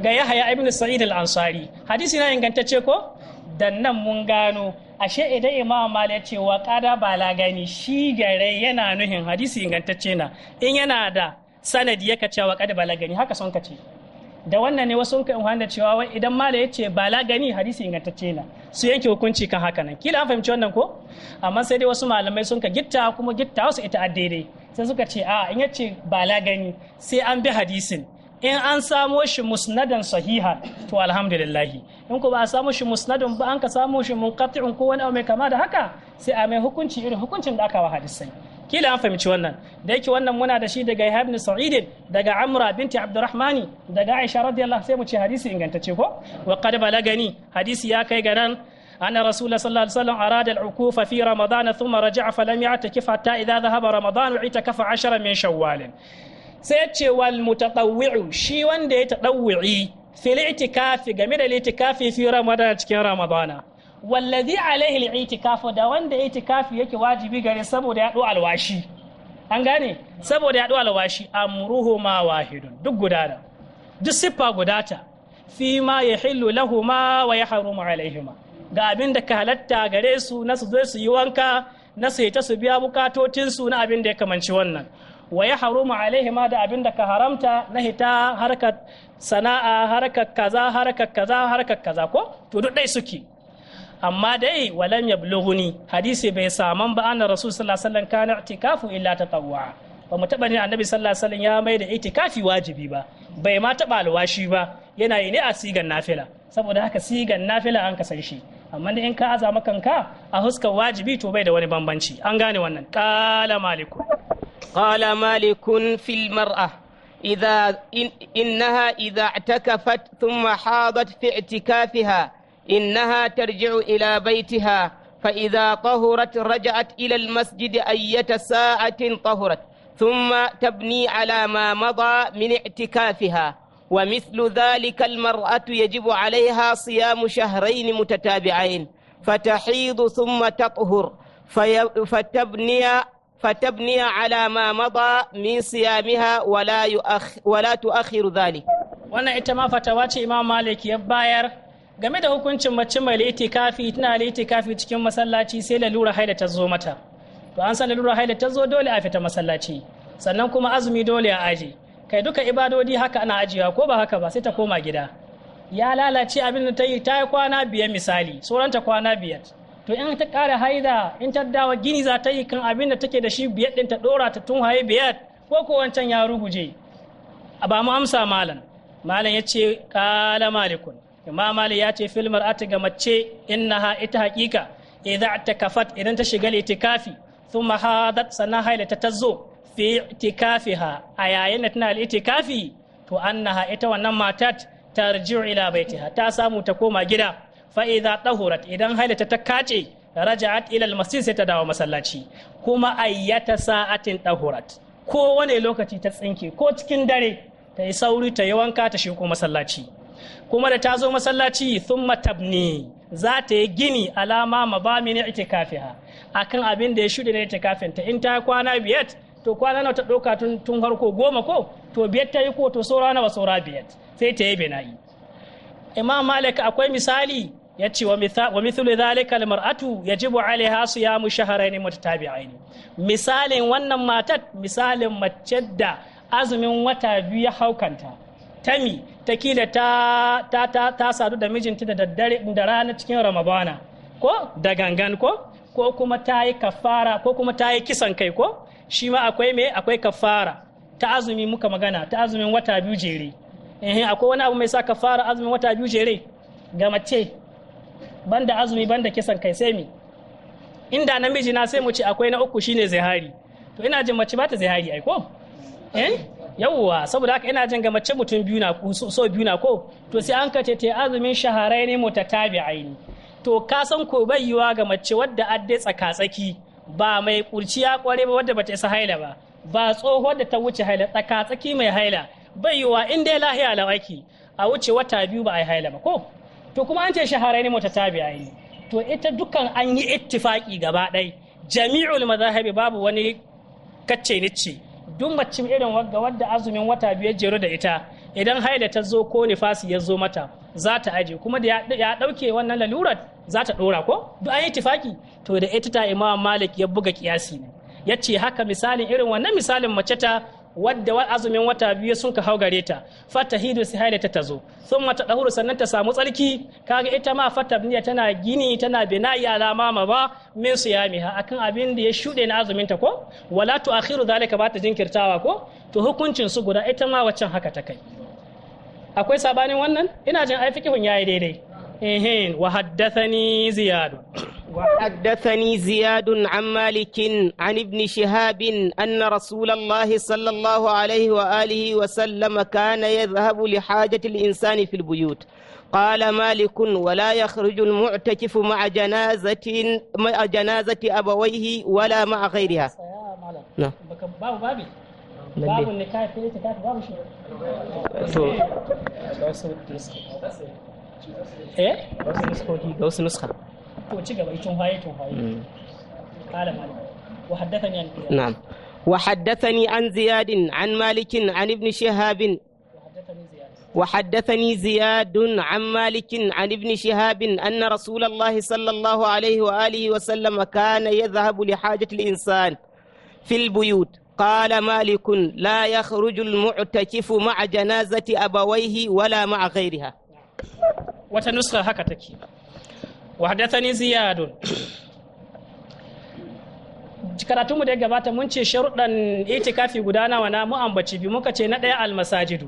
ga yahaya ibn sa'id al-ansari hadisi na ingantacce ko dan nan mun gano ashe idan imam mali ya ce wa bala gani shi gare yana nuhin hadisi ingantacce na in yana da sanadi ya kace wa bala gani haka son ka ce. da wannan ne wasu ka in da cewa wai idan mala ya ce bala gani hadisi ingantacce na su yanke hukunci kan haka nan kila an fahimci wannan ko amma sai dai wasu malamai sun ka gitta kuma gitta wasu ita daidai sai suka ce a in yace ce bala gani sai an bi hadisin in an samo shi musnadan sahiha to alhamdulillah in ko ba a samo shi musnadan ba an ka samo shi munqati'un ko wani abu mai kama da haka sai a mai hukunci irin hukuncin da aka wa hadisai kila an fahimci wannan da yake wannan muna da shi daga Yahya ibn Sa'id daga Amra binti Abdurrahman daga Aisha radiyallahu sai mu ce hadisi ingantacce ko wa qad balagani hadisi ya kai ga nan أن رسول صلى الله عليه وسلم أراد العكوف في رمضان ثم رجع فلم يعتكف حتى إذا ذهب رمضان اعتكف عشرا من شوال سيتشي والمتطوع شي وان دي تطوعي في الاعتكاف جميل الاعتكاف في رمضان تكين رمضان wallazi alaihi al da wanda i'tikafi yake wajibi gare saboda ya do alwashi an gane saboda ya do alwashi amruhu ma wahidun duk gudana duk siffa gudata fi ma yahillu lahuma wa yahrumu alaihima ga abin da ka halatta gare su na su zai su yi wanka na su ta su biya bukatotinsu na abinda ya kamanci wannan wa ya haruma da abinda ka haramta na hita harkar sana'a harkar kaza harkar kaza harkar kaza ko to duk dai suke amma dai walam yablughuni hadisi bai saman ba anna rasul sallallahu alaihi wasallam kana i'tikafu illa tatawwa ba mu taba ne annabi sallallahu alaihi wasallam ya mai da itikafi wajibi ba bai ma taba alwashi ba yana yi ne a sigan nafila saboda haka sigan nafila an kasan shi amma da in ka aza makanka a huskar wajibi to bai da wani bambanci an gane wannan qala maliku qala malikun fil mar'a idza innaha idza i'takafat thumma hadat fi i'tikafiha إنها ترجع إلى بيتها فإذا طهرت رجعت إلى المسجد أية ساعة طهرت ثم تبني على ما مضى من اعتكافها ومثل ذلك المرأة يجب عليها صيام شهرين متتابعين فتحيض ثم تطهر فتبني فتبني على ما مضى من صيامها ولا يؤخ ولا تؤخر ذلك. وانا اتما فتوات امام مالك يباير game da hukuncin mace mai kafi tana litikafi cikin masallaci sai lalura haila ta zo mata to an san lalura haila ta zo dole a fita masallaci sannan kuma azumi dole a aji kai duka ibadodi haka ana ajiyewa ko ba haka ba sai ta koma gida ya lalace abin da ta yi ta kwana biyar misali ta kwana biyar to in ta kara haida in ta dawo gini za ta yi kan abin da take da shi biyar ɗin ta ɗora ta tun haye biyar ko ko wancan ya ruguje a ba mu amsa malam malam ya ce kala malikun imam mali ya ce fil mar'ati ga mace innaha ita hakika idza takafat idan ta shiga litikafi thumma hadat sana haila ta tazo fi itikafiha a yayin da tana litikafi to annaha ita wannan matat tarji'u ila baitiha ta samu ta koma gida fa idza tahurat idan haila ta kace raja'at ila almasjid sai ta dawo masallaci kuma ayyata sa'atin dahurat ko wane lokaci ta tsinke ko cikin dare ta yi sauri ta yi wanka ta shigo masallaci kuma da ta zo masallaci sun matabni za ta yi gini alama ma mabami ne ha akan abin da ya shuɗe na itikafin ta in ta kwana biyat to kwana na ta ɗauka tun harko goma ko to biyat ta yi ko to saura nawa saura biyat sai ta yi bina'i imam malik akwai misali ya ce wa mithlu dhalika almar'atu yajibu alaiha siyamu shahrayn mutatabi'ain misalin wannan matat misalin mace da azumin wata biyu ya haukanta tami ta kila ta ta ta ta sadu da mijinta da daddare da rana cikin ramabana ko da gangan ko ko kuma ta yi kafara ko kuma ta yi kisan kai ko shi ma akwai me akwai kafara ta azumi muka magana ta azumin wata biyu jere eh akwai wani abu mai sa kafara azumin wata biyu jere ga mace banda azumi banda kisan kai sai mi inda namiji na sai mu ce akwai na uku shine zihari to ina jin mace ba ta zihari ai ko eh yawwa saboda haka ina jin ga mace mutum biyu na so biyu na ko to sai an kace ta azumin shaharai ne mutatabi'aini to ka san ko bai yiwa ga mace wadda adde tsakatsaki ba mai kurciya kware ba wadda bata isa haila ba ba tsoho da ta wuce haila tsakatsaki mai haila bai yiwa in dai lahiya lawaki a wuce wata biyu ba a yi haila ba ko to kuma an ce shaharai ne mutatabi'aini to ita dukan an yi ittifaki gaba ɗaya jami'ul mazahibi babu wani kacce nici duk macin irin ga wadda azumin wata biyar jero da ita idan haila ta zo ko nifasi ya zo mata za ta aje kuma da ya dauke wannan lalurar za ta dora ko duk an yi tifaki to da ita ta imam malik ya buga kiyasi ne ya ce haka misalin irin wannan misalin mace ta wadda wal azumin wata biyu sun ka hau gare ta fata hidu sai haida ta zo sun mata dahuru sannan ta samu tsarki kaga ita ma fata bniya tana gini tana bina alama ma ba min su siyamiha akan abin da ya shuɗe na azumin ta ko wala tu akhiru zalika ba ta jinkirtawa ko to hukuncin su guda ita ma waccan haka ta kai akwai sabanin wannan ina jin ai fikihun yayi daidai ehin wa haddathani ziyadu وحدثني زياد عن مالك عن ابن شهاب أن رسول الله صلى الله عليه وآله وسلم كان يذهب لحاجة الإنسان في البيوت قال مالك ولا يخرج المعتكف مع جنازة مع جنازة أبويه ولا مع غيرها نعم باب في باب وحدثني عن زياد نعم وحدثني عن زياد عن مالك عن ابن شهاب وحدثني زياد وحدثني زياد عن مالك عن ابن شهاب أن رسول الله صلى الله عليه وآله وسلم كان يذهب لحاجة الإنسان في البيوت قال مالك لا يخرج المعتكف مع جنازة أبويه ولا مع غيرها وتنسخ هكذا وحدثني زياد karatunmu da ya gabata mun ce sharuɗan itikafi gudana wa na mu ambaci bi muka ce na ɗaya almasajidu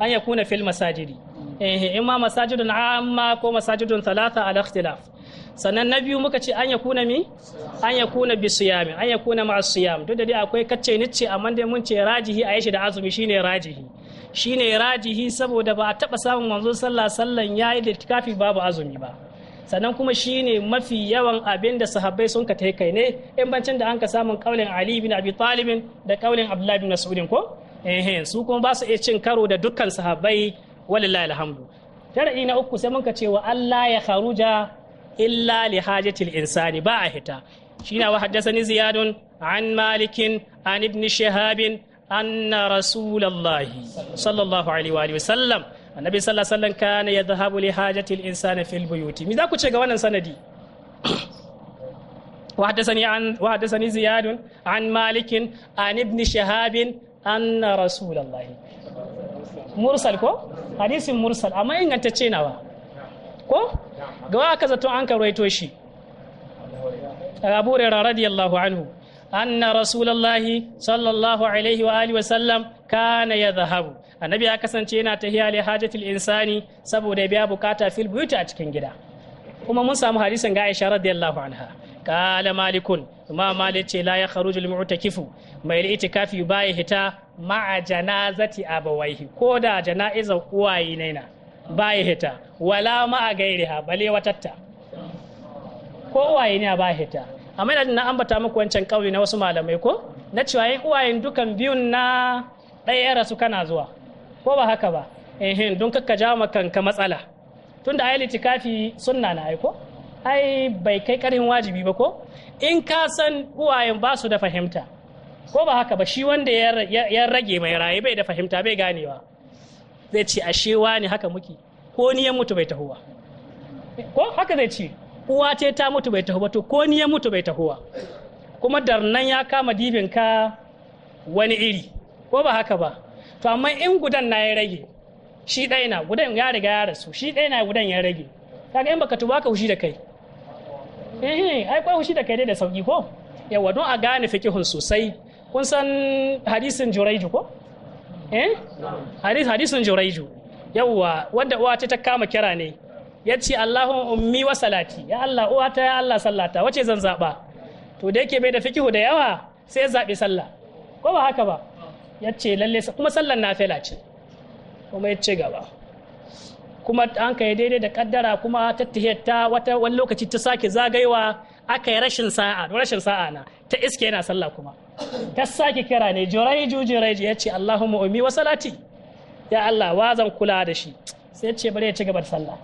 an ya kuna fil masajidi eh in ma masajidun amma ko masajidun talata al ikhtilaf sannan na biyu muka ce an ya kuna mi an ya kuna bi siyami an ya kuna ma siyam duk da dai akwai kacce nice amma dai mun ce rajihi a yashi da azumi shine rajihi shine rajihi saboda ba a taba samun manzo sallah sallan yayi da itikafi babu azumi ba sannan kuma shi ne mafi yawan abin da sahabbai sun ka kai ne in bancin da an ka samun kaulin Ali bin Abi Talibin da kaulin Abdullahi bin Mas'udin ko eh su kuma ba su iya cin karo da dukkan sahabbai walillahi alhamdu shar'i na uku sai mun ka ce wa Allah ya kharuja illa li hajatil insani ba a hita shine wa haddathani ziyadun an malikin an ibn shihabin anna rasulallahi sallallahu alaihi wa sallam annabi sallallahu alaihi wasallam kana yadhhabu li hajati al-insan fi al-buyuti mi za ku ce ga wannan sanadi <coughs> wa hadathani an wa hadathani ziyad an malik an ibn shahab anna rasulullah mursal ko hadisin mursal amma in ta ce nawa ko ga wa ka zato an karwaito shi abu rara anna rasulullah sallallahu alaihi wa alihi wa sallam kana yadhhabu annabi ya kasance yana ta li hajatil insani saboda ya biya bukata fil buyuti a cikin gida kuma mun samu hadisin ga Aisha radiyallahu anha qala malikun ma malik ce la ya kharuju al mu'takifu mai itikafi yubayi hita ma janazati abawaihi ko da jana'izar uwaye ne na bayi hita wala ma'a gairiha bale watatta ko uwaye ne ba hita amma ina na ambata muku wancan kauli na wasu malamai ko na cewa yin uwayen dukan biyun na ɗaya rasu kana zuwa ko ba haka ba ehin don kakka ja kanka matsala tunda ayi litikafi sunna na aiko ai bai kai karhin wajibi ba ko in ka san uwayen ba su da fahimta ko ba haka ba shi wanda ya rage mai raye bai da fahimta bai ganewa zai ce ashe wani haka muke ko ni ya mutu bai tahuwa ko haka zai ce uwa ce ta mutu bai tahuwa to ko ni ya mutu bai tahuwa kuma darnan ya kama dibin ka wani iri ko ba haka ba to amma in gudan na ya rage shi ɗaya na gudan ya riga ya rasu shi ɗaya na gudan ya rage kaga in baka tuba ka hushi da kai eh ai kai hushi da kai dai da sauki ko yawa don a gane fikihun sosai kun san hadisin juraiju ko eh hadis hadisin juraiju yawa wanda uwa ta kama kira ne ya ce Allahun ummi wa salati ya Allah uwa ta ya Allah sallata wace zan zaba to da yake bai da fikihu da yawa sai zabi sallah ko ba haka ba ya ce lalle kuma sallar nafila ce kuma ya ce gaba kuma an yi daidai da kaddara kuma ta ta wata wani lokaci ta sake zagaiwa aka yi rashin sa'a rashin sa'a na ta iske yana sallah kuma ta sake kira ne ju jirai ya ce Allahumma maumi wa salati ya Allah wa zan kula da shi sai ya ce bari ya ci gaba da sallah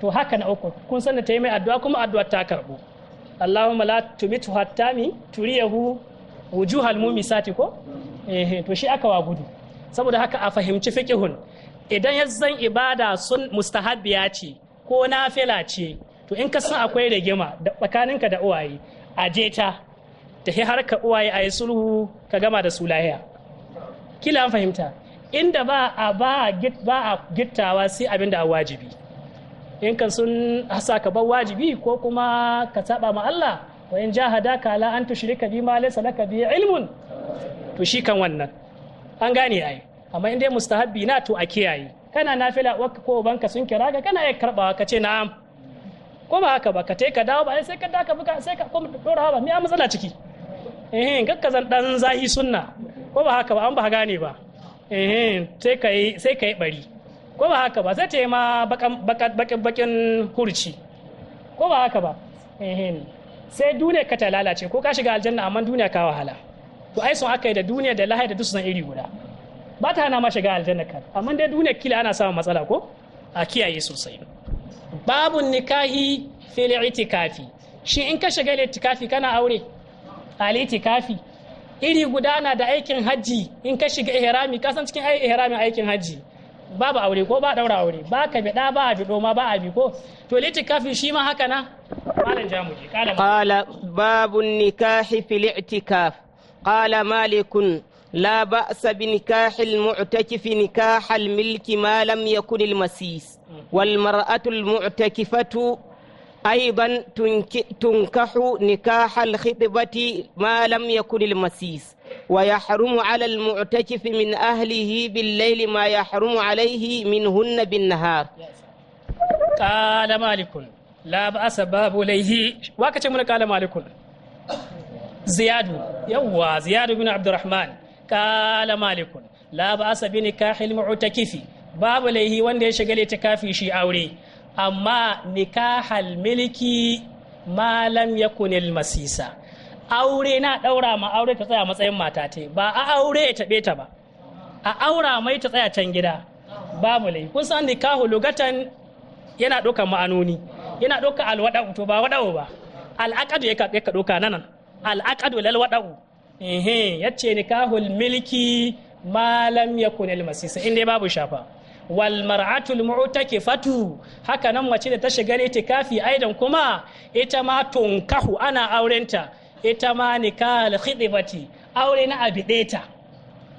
to haka na uku kun san da ta yi mai addu'a kuma addu'a ta karbu Allahumma la tumitu hattami turiyahu wujuhal mumisati ko eh to shi aka wa gudu saboda haka a fahimci fiqhun idan ya zan ibada sun mustahabbiya ce ko nafila ce to in ka san akwai rigima da tsakaninka da uwaye a je ta ta har ka uwaye a yi sulhu ka gama da su lahiya kila an fahimta inda ba a ba a gittawa sai abin da a wajibi in kan sun hasa ka bar wajibi ko kuma ka saba ma Allah wa in jahadaka la an tushrika bi ma laysa laka bi ilmun to shi kan wannan an gane ai amma in dai mustahabbi na to a kiyaye kana nafila wakka ko banka sun kira ka kana iya karbawa ka ce na'am ko ba haka ba ka tai ka dawo ba sai ka daka buka sai ka kuma dora ba me a matsala ciki eh kakka zan dan zahi sunna ko ba haka ba an ba gane ba eh sai ka yi sai ka yi bari ko ba haka ba sai ta ma bakin bakin hurci ko ba haka ba eh sai duniya ka ta lalace ko ka shiga aljanna amma duniya ka wahala to ai sun aka yi da duniya da lahai da duk san iri guda ba ta hana ma shiga aljanna ka amma dai duniya kila ana samun matsala ko a kiyaye sosai Babu nikahi fil itikafi shi in ka shiga itikafi kana aure al itikafi iri guda na da aikin hajji in ka shiga ihrami ka san cikin ihrami aikin hajji babu aure ko ba daura aure ba ka bida ba a ma ba a bi ko to litikafi shi ma haka na قال قال, قال باب النكاح في الاعتكاف قال مالك لا بأس بنكاح المعتكف نكاح الملك ما لم يكن المسيس والمرأة المعتكفة أيضا تنكح نكاح الخطبة ما لم يكن المسيس ويحرم على المعتكف من أهله بالليل ما يحرم عليه منهن بالنهار قال مالك la ba'asa babu laihi wa kace mun kala malikun ziyadu yawwa ziyadu bin abdurrahman kala malikun la ba'asa bi nikahil mu'takifi babu laihi wanda ya shiga kafi shi aure amma nikahal miliki malam yakunil masisa aure na daura ma aure ta tsaya matsayin mata te ba a aure ya taɓe ta ba a aura mai ta tsaya can gida babu laihi kun san nikahu lugatan yana ɗaukan ma'anoni yana ɗauka alwaɗa'u to ba waɗa'u ba al'aqadu ya ka ɗauka nan al'aqadu lal ya ce ni nikahul milki malam ya yakun masisa in dai babu shafa wal mar'atul mu'takifatu haka nan mace da ta shiga tikafi aidan kuma ita ma tunkahu ana aurenta ita ma ni nikahul khidibati aure na abideta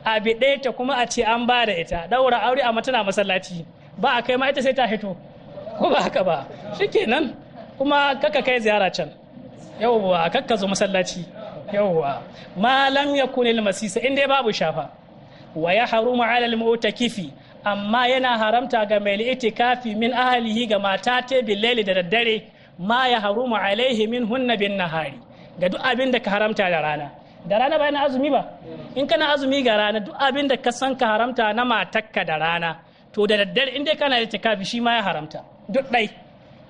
abideta kuma a ce an ba da ita daura aure a matana masallaci ba a kai ma ita sai ta fito ko ba haka ba shikenan kuma kaka kai ziyara can yawwa kakka zo masallaci yawwa ma lam yakun lil masisa in dai babu shafa wa ya haruma ala al mu'takifi amma yana haramta ga mai itikafi min ahlihi ga mata ta billaili da daddare ma ya haruma alaihi min hunna bin nahari ga duk abin da ka haramta da rana da rana ba yana azumi ba in kana azumi ga rana duk abin da ka san ka haramta na matakka da rana to da daddare in dai kana itikafi shi ma ya haramta duk ɗai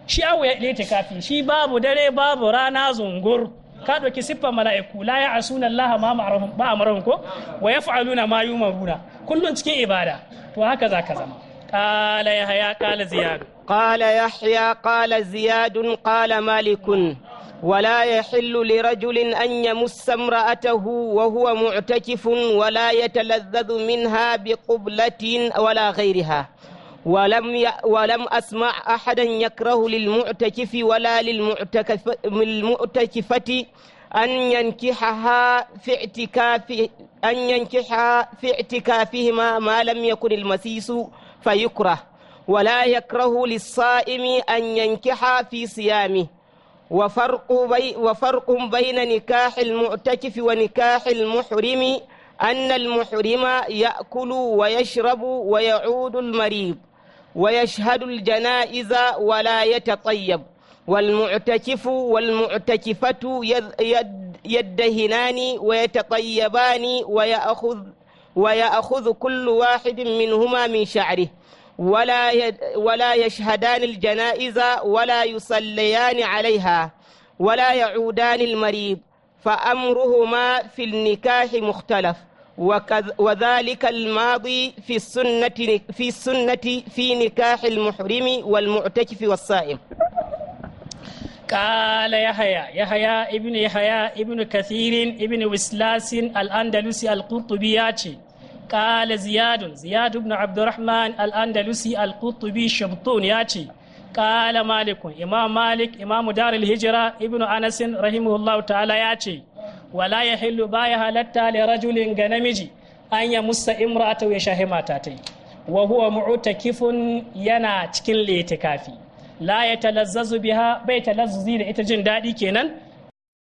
shi awo ya kafin shi babu dare babu rana zungur ka ɗauki siffa mala'iku la ya asuna Allah ma ba amarahum ko wa yaf'aluna ma yumaruna kullun cikin ibada to haka za ka zama قال يحيى قال زياد قال يحيى قال زياد قال مالك ولا يحل لرجل أن يمس امرأته وهو معتكف ولا يتلذذ منها بقبلة ولا غيرها ولم ي... ولم أسمع أحدا يكره للمعتكف ولا للمعتكف... للمعتكفة أن ينكحها في اعتكاف أن ينكحها في اعتكافهما ما لم يكن المسيس فيكره ولا يكره للصائم أن ينكح في صيامه وفرق, بي وفرق بين نكاح المعتكف ونكاح المحرم أن المحرم يأكل ويشرب ويعود المريض ويشهد الجنائز ولا يتطيب والمعتكف والمعتكفة يدهنان ويتطيبان ويأخذ ويأخذ كل واحد منهما من شعره ولا ولا يشهدان الجنائز ولا يصليان عليها ولا يعودان المريض فأمرهما في النكاح مختلف وذلك الماضي في السنة في السنة في نكاح المحرم والمعتكف والصائم قال يحيى يحيى ابن يحيى ابن كثير ابن وسلاس الأندلسي القرطبي قال زياد زياد بن عبد الرحمن الأندلسي القرطبي شبطون ياتي قال مالك إمام مالك إمام دار الهجرة ابن أنس رحمه الله تعالى ياتي wala ya hillu baya halatta li rajulin ga namiji an ya musa imra'atu ya shahi mata ta yi wa huwa mu'takifun yana cikin litikafi la ya talazzazu biha bai talazzuzi da ita jin daɗi kenan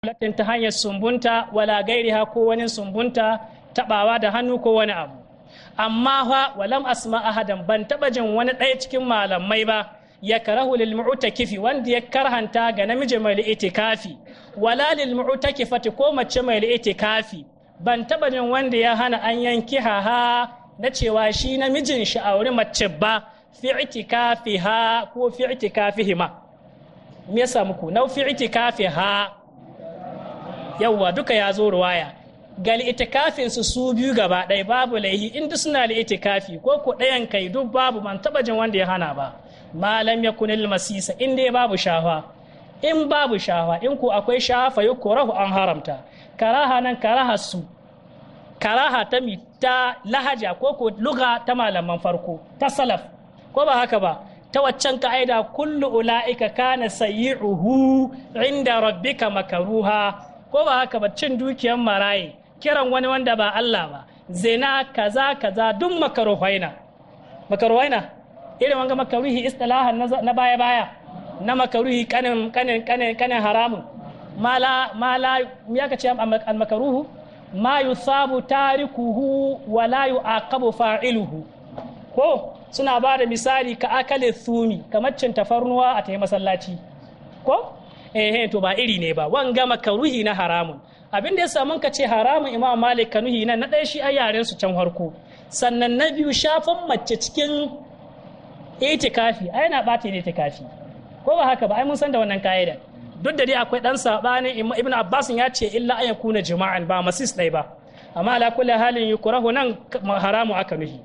latin ta hanyar sumbunta wala gairiha ko wani sumbunta tabawa da hannu ko wani abu amma fa walam asma ahadan ban taba jin wani ɗaya cikin malamai ba ya karahu lil mu'takifi wanda ya karhanta ga namiji mai itikafi wala lil mu'takifati ko mace mai itikafi ban taba jin wanda ya hana an yanki ha na cewa shi namijin shi auri mace ba fi ha ko fi itikafihima me yasa muku na fi ha yawwa duka ya zo ruwaya ga itikafin su su biyu gaba ɗaya babu laihi in duk suna itikafi ko ko ɗayan kai duk babu ban taba jin wanda ya hana ba malam ya kunil masisa in dai babu shafa in babu shafa in ko akwai shafa ya korahu an haramta karaha nan karaha su karaha ta mi ta lahaja ko ko luga ta malaman farko ta salaf ko ba haka ba ta waccan ka'ida kullu ula'ika kana sayyi'uhu inda rabbika makaruha ko ba haka ba cin dukiyar maraye kiran wani wanda ba Allah ba zina kaza kaza duk makaruhaina makaruhaina irin wanga makaruhi istilahan na baya baya na makaruhi kanin haramun mala mala ya ce al makaruhu ma yusabu tarikuhu wa la yu'aqabu fa'iluhu ko suna ba da misali ka akale thumi kamar cin tafarnuwa a tayi masallaci ko eh, eh to ba iri ne ba wanga makaruhi na haramun abin da ya mun ka ce haramun imam malik kanuhi na na ɗaya shi a yaren su can harko sannan na biyu shafan mace cikin itikafi ai yana bata ne itikafi ko ba haka ba ai mun san da wannan da duk da dai akwai dan sabani ibn abbas ya ce illa an yakuna jima'an ba masis dai ba amma ala kulli halin yukrahu nan haramu aka nuhi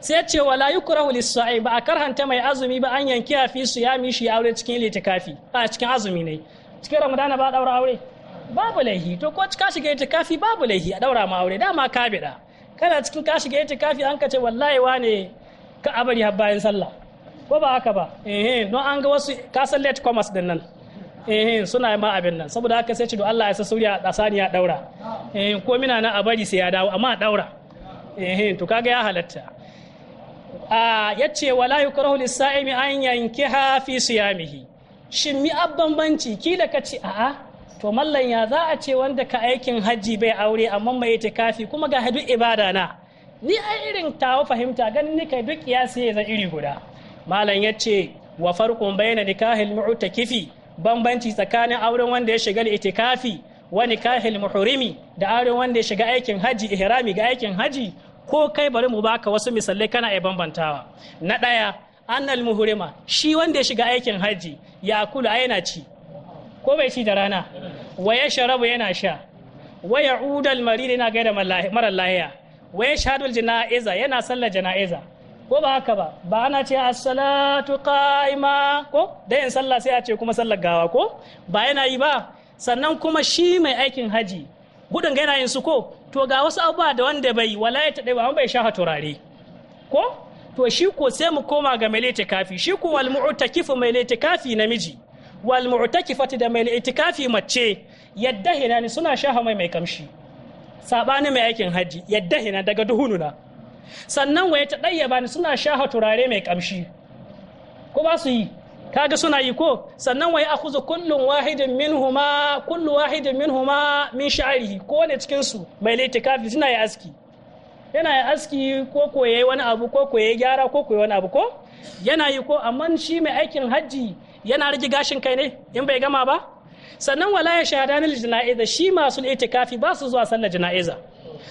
sai ce wala yukrahu lis-sa'i ba a karhanta mai azumi ba an yanki fi su ya mishi aure cikin litikafi a cikin azumi ne cikin ramadana ba daura aure babu laihi to ko ka shiga itikafi babu laihi a daura ma aure dama ka bida kana cikin ka shiga itikafi an ka ce wallahi wane ka abari har bayan sallah ko ba haka ba eh don an ga wasu kasan late commerce din nan eh suna ma abin nan saboda haka sai ce do Allah ya sa suriya da saniya daura eh ko mina na a sai ya dawo amma daura eh to kaga ya halatta a yace wala yukrahu lis-sa'imi an yankiha fi siyamihi shin mi abban banci kila ka ce a'a to mallan ya za a ce wanda ka aikin hajji bai aure amma mai itikafi kuma ga hadu ibada na ni ai irin tawo fahimta ganin ni kai duk ya sai zan iri guda malam ya ce wa farkon bayyana nikahil mu'takifi bambanci tsakanin auren wanda ya shiga itikafi wa nikahil muhrimi da auren wanda ya shiga aikin haji ihrami ga aikin haji ko kai bari mu baka wasu misalai kana iya bambantawa na daya annal muhurima, shi wanda ya shiga aikin haji ya kula yana ci ko bai ci da rana wa ya sharabu yana sha wa ya'udal marid yana gaida mara lahiya Wai yashhadul jana'iza yana sallar jana'iza ko ba haka ba ba ana ce as-salatu qa'ima ko da yin sallah sai a ce kuma sallar gawa ko ba yana yi ba sannan kuma shi mai aikin haji gudun ga yana yin su ko to ga wasu abubuwa da wanda bai wala ta dai ba bai shaha turare ko to shi ko sai mu koma ga mai kafi shi ko wal mu'takifu mai kafi namiji wal mu'takifati da mai kafi mace yadda hinani suna shaha mai mai kamshi sabani mai aikin hajji yadda hina daga duhununa sannan waye ta ɗayyaba ni suna shaha turare mai kamshi ko ba su yi kaga suna yi ko sannan a kuzu kullun wahidin minhuma kullu wahidin huma min ko wani cikin su mai litikafi suna yi aski yana yi aski ko ko wani abu ko ko gyara ko ko wani abu ko yana yi ko amma shi mai aikin hajji yana rage gashin kai ne in bai gama ba sannan wala ya shahada na jana'iza shi masu itikafi ba su zuwa sallar jana'iza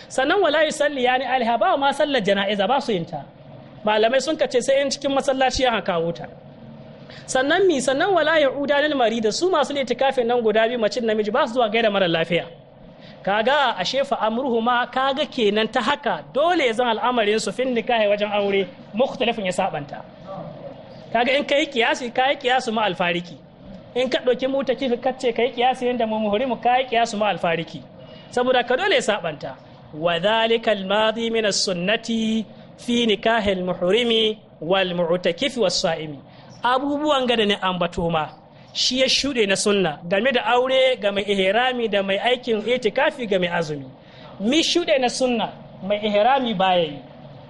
sannan wala ya salli ya ni alha ba ma sallar jana'iza ba su yin ta malamai sun kace sai in cikin masallaci ya kawo ta sannan mi sannan wala ya uda na su masu itikafi nan guda biyu mace namiji ba su zuwa gaida mara lafiya kaga ashe fa ma kaga kenan ta haka dole ya zan al'amarin su fin nikahi wajen aure mukhtalifin ya sabanta kaga in kai kiyasi kai kiyasu ma alfariki in ka ɗauki mota kifi kacce ka yi kiyasi yadda mu muhuri mu kayi kiyasu ma alfariki saboda ka dole ya sabanta wa dhalika al-madi min as-sunnati fi nikahi al-muhrimi wal mu'takifi was sa'imi abubuwan gada ne ambato ma shi ya shuɗe na sunna game da aure ga mai ihrami da mai aikin itikafi ga mai azumi mi shuɗe na sunna mai ihrami baya yi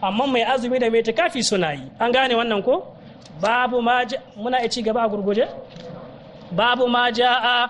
amma mai azumi da mai itikafi suna yi an gane wannan ko babu ma muna ci gaba a gurguje باب ما جاء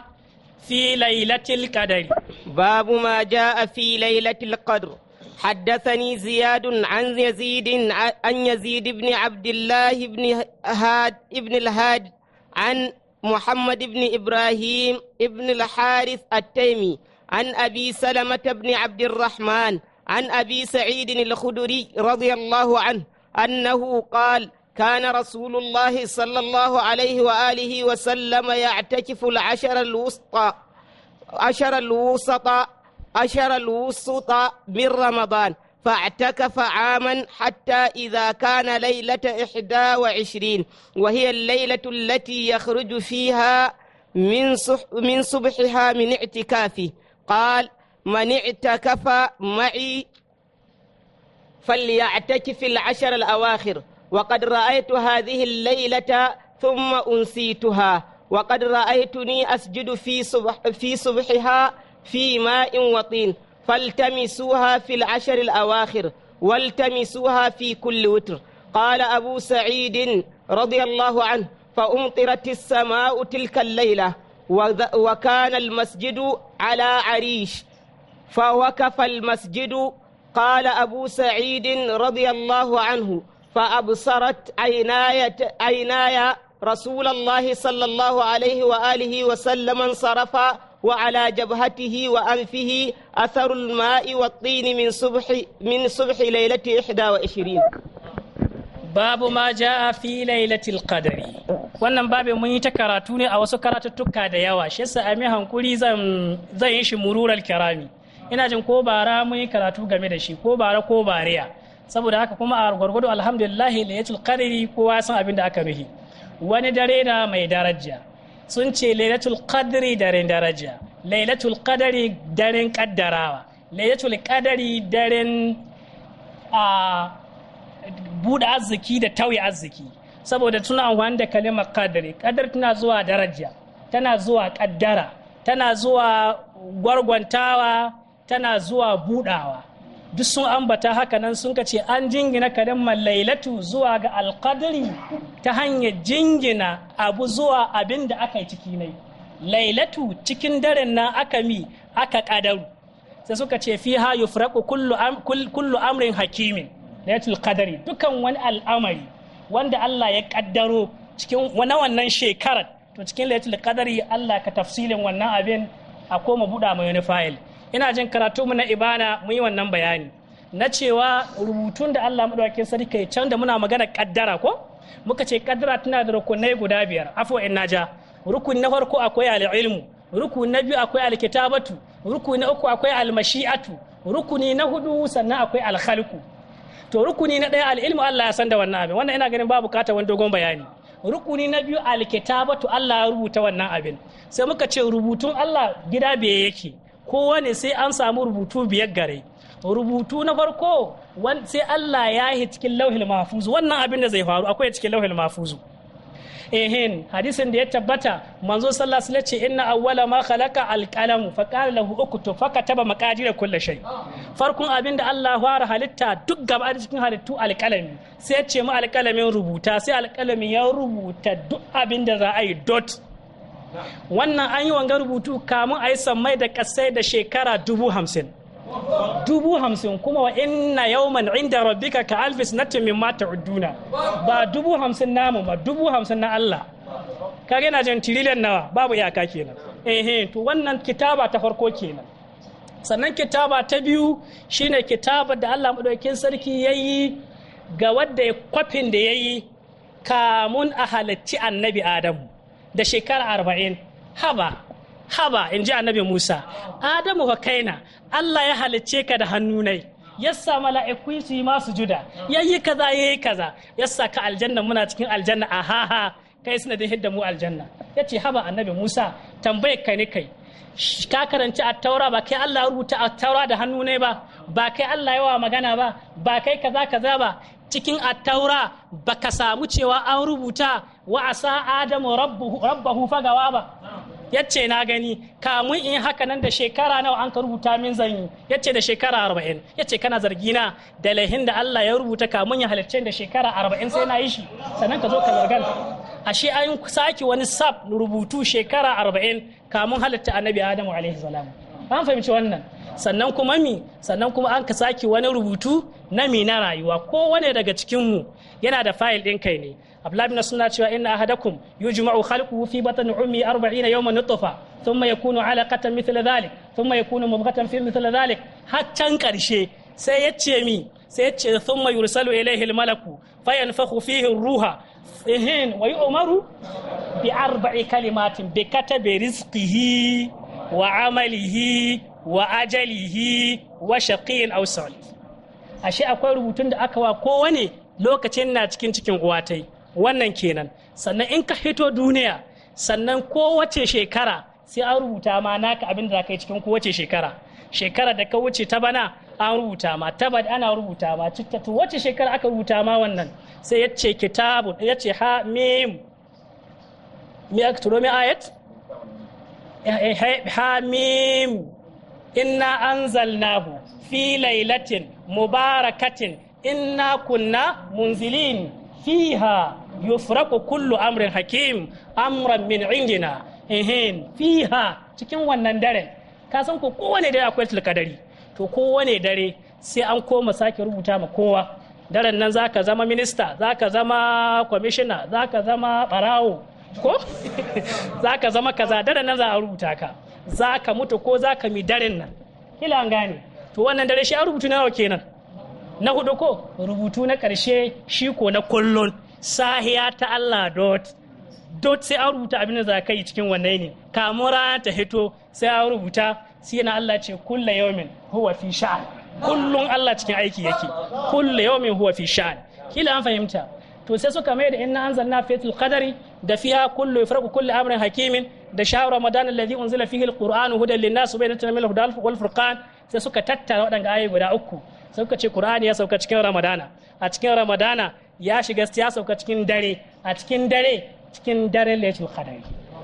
في ليلة القدر باب ما جاء في ليلة القدر حدثني زياد عن يزيد عن يزيد بن عبد الله بن هاد بن الهاد عن محمد بن إبراهيم بن الحارث التيمي عن أبي سلمة بن عبد الرحمن عن أبي سعيد الخدري رضي الله عنه أنه قال كان رسول الله صلى الله عليه وآله وسلم يعتكف العشر الوسطى عشر الوسطى عشر الوسطى من رمضان فاعتكف عاما حتى إذا كان ليلة إحدى وعشرين وهي الليلة التي يخرج فيها من, من صبحها من اعتكافه قال من اعتكف معي فليعتكف العشر الأواخر وقد رأيت هذه الليلة ثم أنسيتها وقد رأيتني أسجد في صبح في صبحها في ماء وطين فالتمسوها في العشر الأواخر والتمسوها في كل وتر قال أبو سعيد رضي الله عنه فأمطرت السماء تلك الليلة وكان المسجد على عريش فوقف المسجد قال أبو سعيد رضي الله عنه فأبصرت عيناي عيناي رسول الله صلى الله عليه وآله وسلم انصرفا وعلى جبهته وأنفه أثر الماء والطين من صبح من صبح ليلة 21 babu ma ja'a fi lailatul qadri wannan babin mun yi ta karatu ne a wasu karatuttuka da yawa shi yasa ami hankuri zan zan yi shi mururar kirami ina jin ko bara mun yi karatu game da shi ko bara ko bariya saboda haka kuma a gwargwado da ya tulkariri kowa san abin da aka nuhi wani dare na mai daraja sun ce lailatul qadri daren daraja lailatul qadri daren kaddarawa lailatul daren a buɗe arziki da tauye arziki saboda tuna amfani da kalimar kadari kadar tana zuwa daraja tana zuwa kaddara tana zuwa gwargwantawa tana zuwa budawa duk sun ambata haka nan sun ce an jingina kalimar lailatu zuwa ga alkadari ta hanyar jingina abu zuwa abin da aka yi ciki nai lailatu cikin daren nan aka mi aka kadaru sai suka ce fi ha yi kullu kullu amrin hakimin lailatul kadari dukan wani al'amari wanda Allah ya kaddaro cikin wani wannan shekarar to cikin lailatul kadari Allah ka tafsilin wannan abin a koma buɗa mai wani fayil ina jin karatu mu na ibana mun yi wannan bayani na cewa rubutun da Allah madaukakin sarki kai can da muna magana kaddara ko muka ce kaddara tana da rukunai guda biyar afwa in naja rukun na farko akwai al-ilmu rukun na biyu akwai al-kitabatu rukun na uku akwai al-mashi'atu rukuni na hudu sannan akwai al-khalqu to rukuni na ɗaya al'ilmu Allah ya san da wannan abin wannan ina ganin ba kata wani dogon bayani rukuni na biyu alkitabatu Allah ya rubuta wannan abin sai muka ce rubutun Allah gida biye yake kowane sai an samu rubutu biyar gare rubutu na farko sai Allah ya yi cikin lauhil mafuzu wannan abin da zai faru akwai cikin lauhil Eh ehin hadisin da ya tabbata manzo sallallahu alaihi ce inna awwala ma khalaqa alqalam fa qala lahu uktu fa kataba maqadir kulli shay farkon abin da Allah fara halitta duk gaba da cikin halittu alqalami sai ya ce mu alqalamin rubuta sai alqalamin ya rubuta duk abin da za a yi dot wannan an yi wanga rubutu kamun a yi sammai da kasai da shekara dubu hamsin dubu hamsin kuma wa inna yawman inda rabbika ka alfis na mata uduna ba dubu hamsin namu ba dubu hamsin na Allah kage na jin tiriliyan nawa babu iyaka kenan eh to wannan kitaba ta farko kenan sannan kitaba ta biyu shine kitaba da Allah madaukakin sarki yayi ga wadda ya kwafin da yayi kamun a halatti annabi Adamu da shekara arba'in haba haba in ji annabi musa adamu ka kaina allah ya halicce ka da hannu nai yassa mala'iku su yi masu juda yayi kaza yayi kaza yassa ka aljanna muna cikin aljanna a ha kai suna da hidda mu aljanna yace haba annabi musa tambayar ka ne kai ka karanci taura, ba kai Allah rubuta a taura da hannu ne ba ba kai Allah yawa magana ba ba kai kaza kaza ba cikin attaura ka samu cewa an rubuta wa asa adamu rabbahu fagawa ba yace na gani kamun in haka nan da shekara nawa an ka rubuta min zan yi yace da shekara arba'in yace kana zargina da lahin da Allah ya rubuta kamun ya halarce da shekara arba'in sai na yi shi sannan ka zo ka zargan ashe an sake wani sab rubutu shekara arba'in kamun halatta annabi adamu alaihi salam an fahimci wannan sannan kuma mi sannan kuma an ka sake wani rubutu nami na rayuwa kowane daga cikinmu yana da fayil ɗin kai ne abdullahi suna cewa inna ahadakum yujma'u khalquhu fi batni ummi 40 yawman nutfa thumma yakunu 'alaqatan mithla dhalik thumma yakunu mubghatan fi mithla dhalik haccan karshe sai yace mi sai yace thumma yursalu ilayhi al-malaku fayanfakhu fihi ar-ruha ihin wa yu'maru bi arba'i kalimatin bi katabi rizqihi wa amalihi wa ajalihi wa shaqiyin aw salih ashe akwai rubutun da aka wa kowane lokacin na cikin cikin uwatai wannan kenan sannan in ka fito duniya sannan kowace shekara sai an rubuta ma naka abin da kai cikin kowace shekara shekara da ka wuce ta bana an rubuta ma ta ana rubuta ma to wace shekara aka rubuta ma wannan sai ya ce kitabu ya ce ha mim mi mi ayat eh, eh, ha mim inna anzalnahu fi lailatin mubarakatin inna kunna munzilin fiha yufraku kullu amrin hakim amran min indina ehin fiha cikin wannan dare ka san ko kowane dare akwai tilkadari to kowane dare sai an koma sake rubuta ma kowa daren nan zaka zama minista zaka zama kwamishina zaka zama barawo ko <laughs> zaka zama kaza daren nan za a rubuta ka zaka mutu ko zaka mi daren nan kila gane to wannan dare shi a rubutu nawa kenan na hudu ko rubutu na karshe shi ko na kullun sahiya ta Allah dot dot sai an rubuta abin da za ka yi cikin wannan ne kamura ta hito sai an rubuta sai na Allah ce kullu yawmin huwa fi sha'an kullun Allah cikin aiki yake kullu yawmin huwa fi sha'an kila an fahimta to sai suka mai da inna anzalna fatul qadari da fiha kullu yafraku kullu amrin hakimin da shawara ramadan alladhi unzila fihi alquran hudan linnas wa bayyinatan min al-huda wal furqan sai suka tattara waɗanda ayoyi guda uku suka ce Qur'ani ya sauka cikin Ramadana a cikin Ramadana ya shiga ya sauka cikin dare a cikin dare cikin dare Lailatul Qadr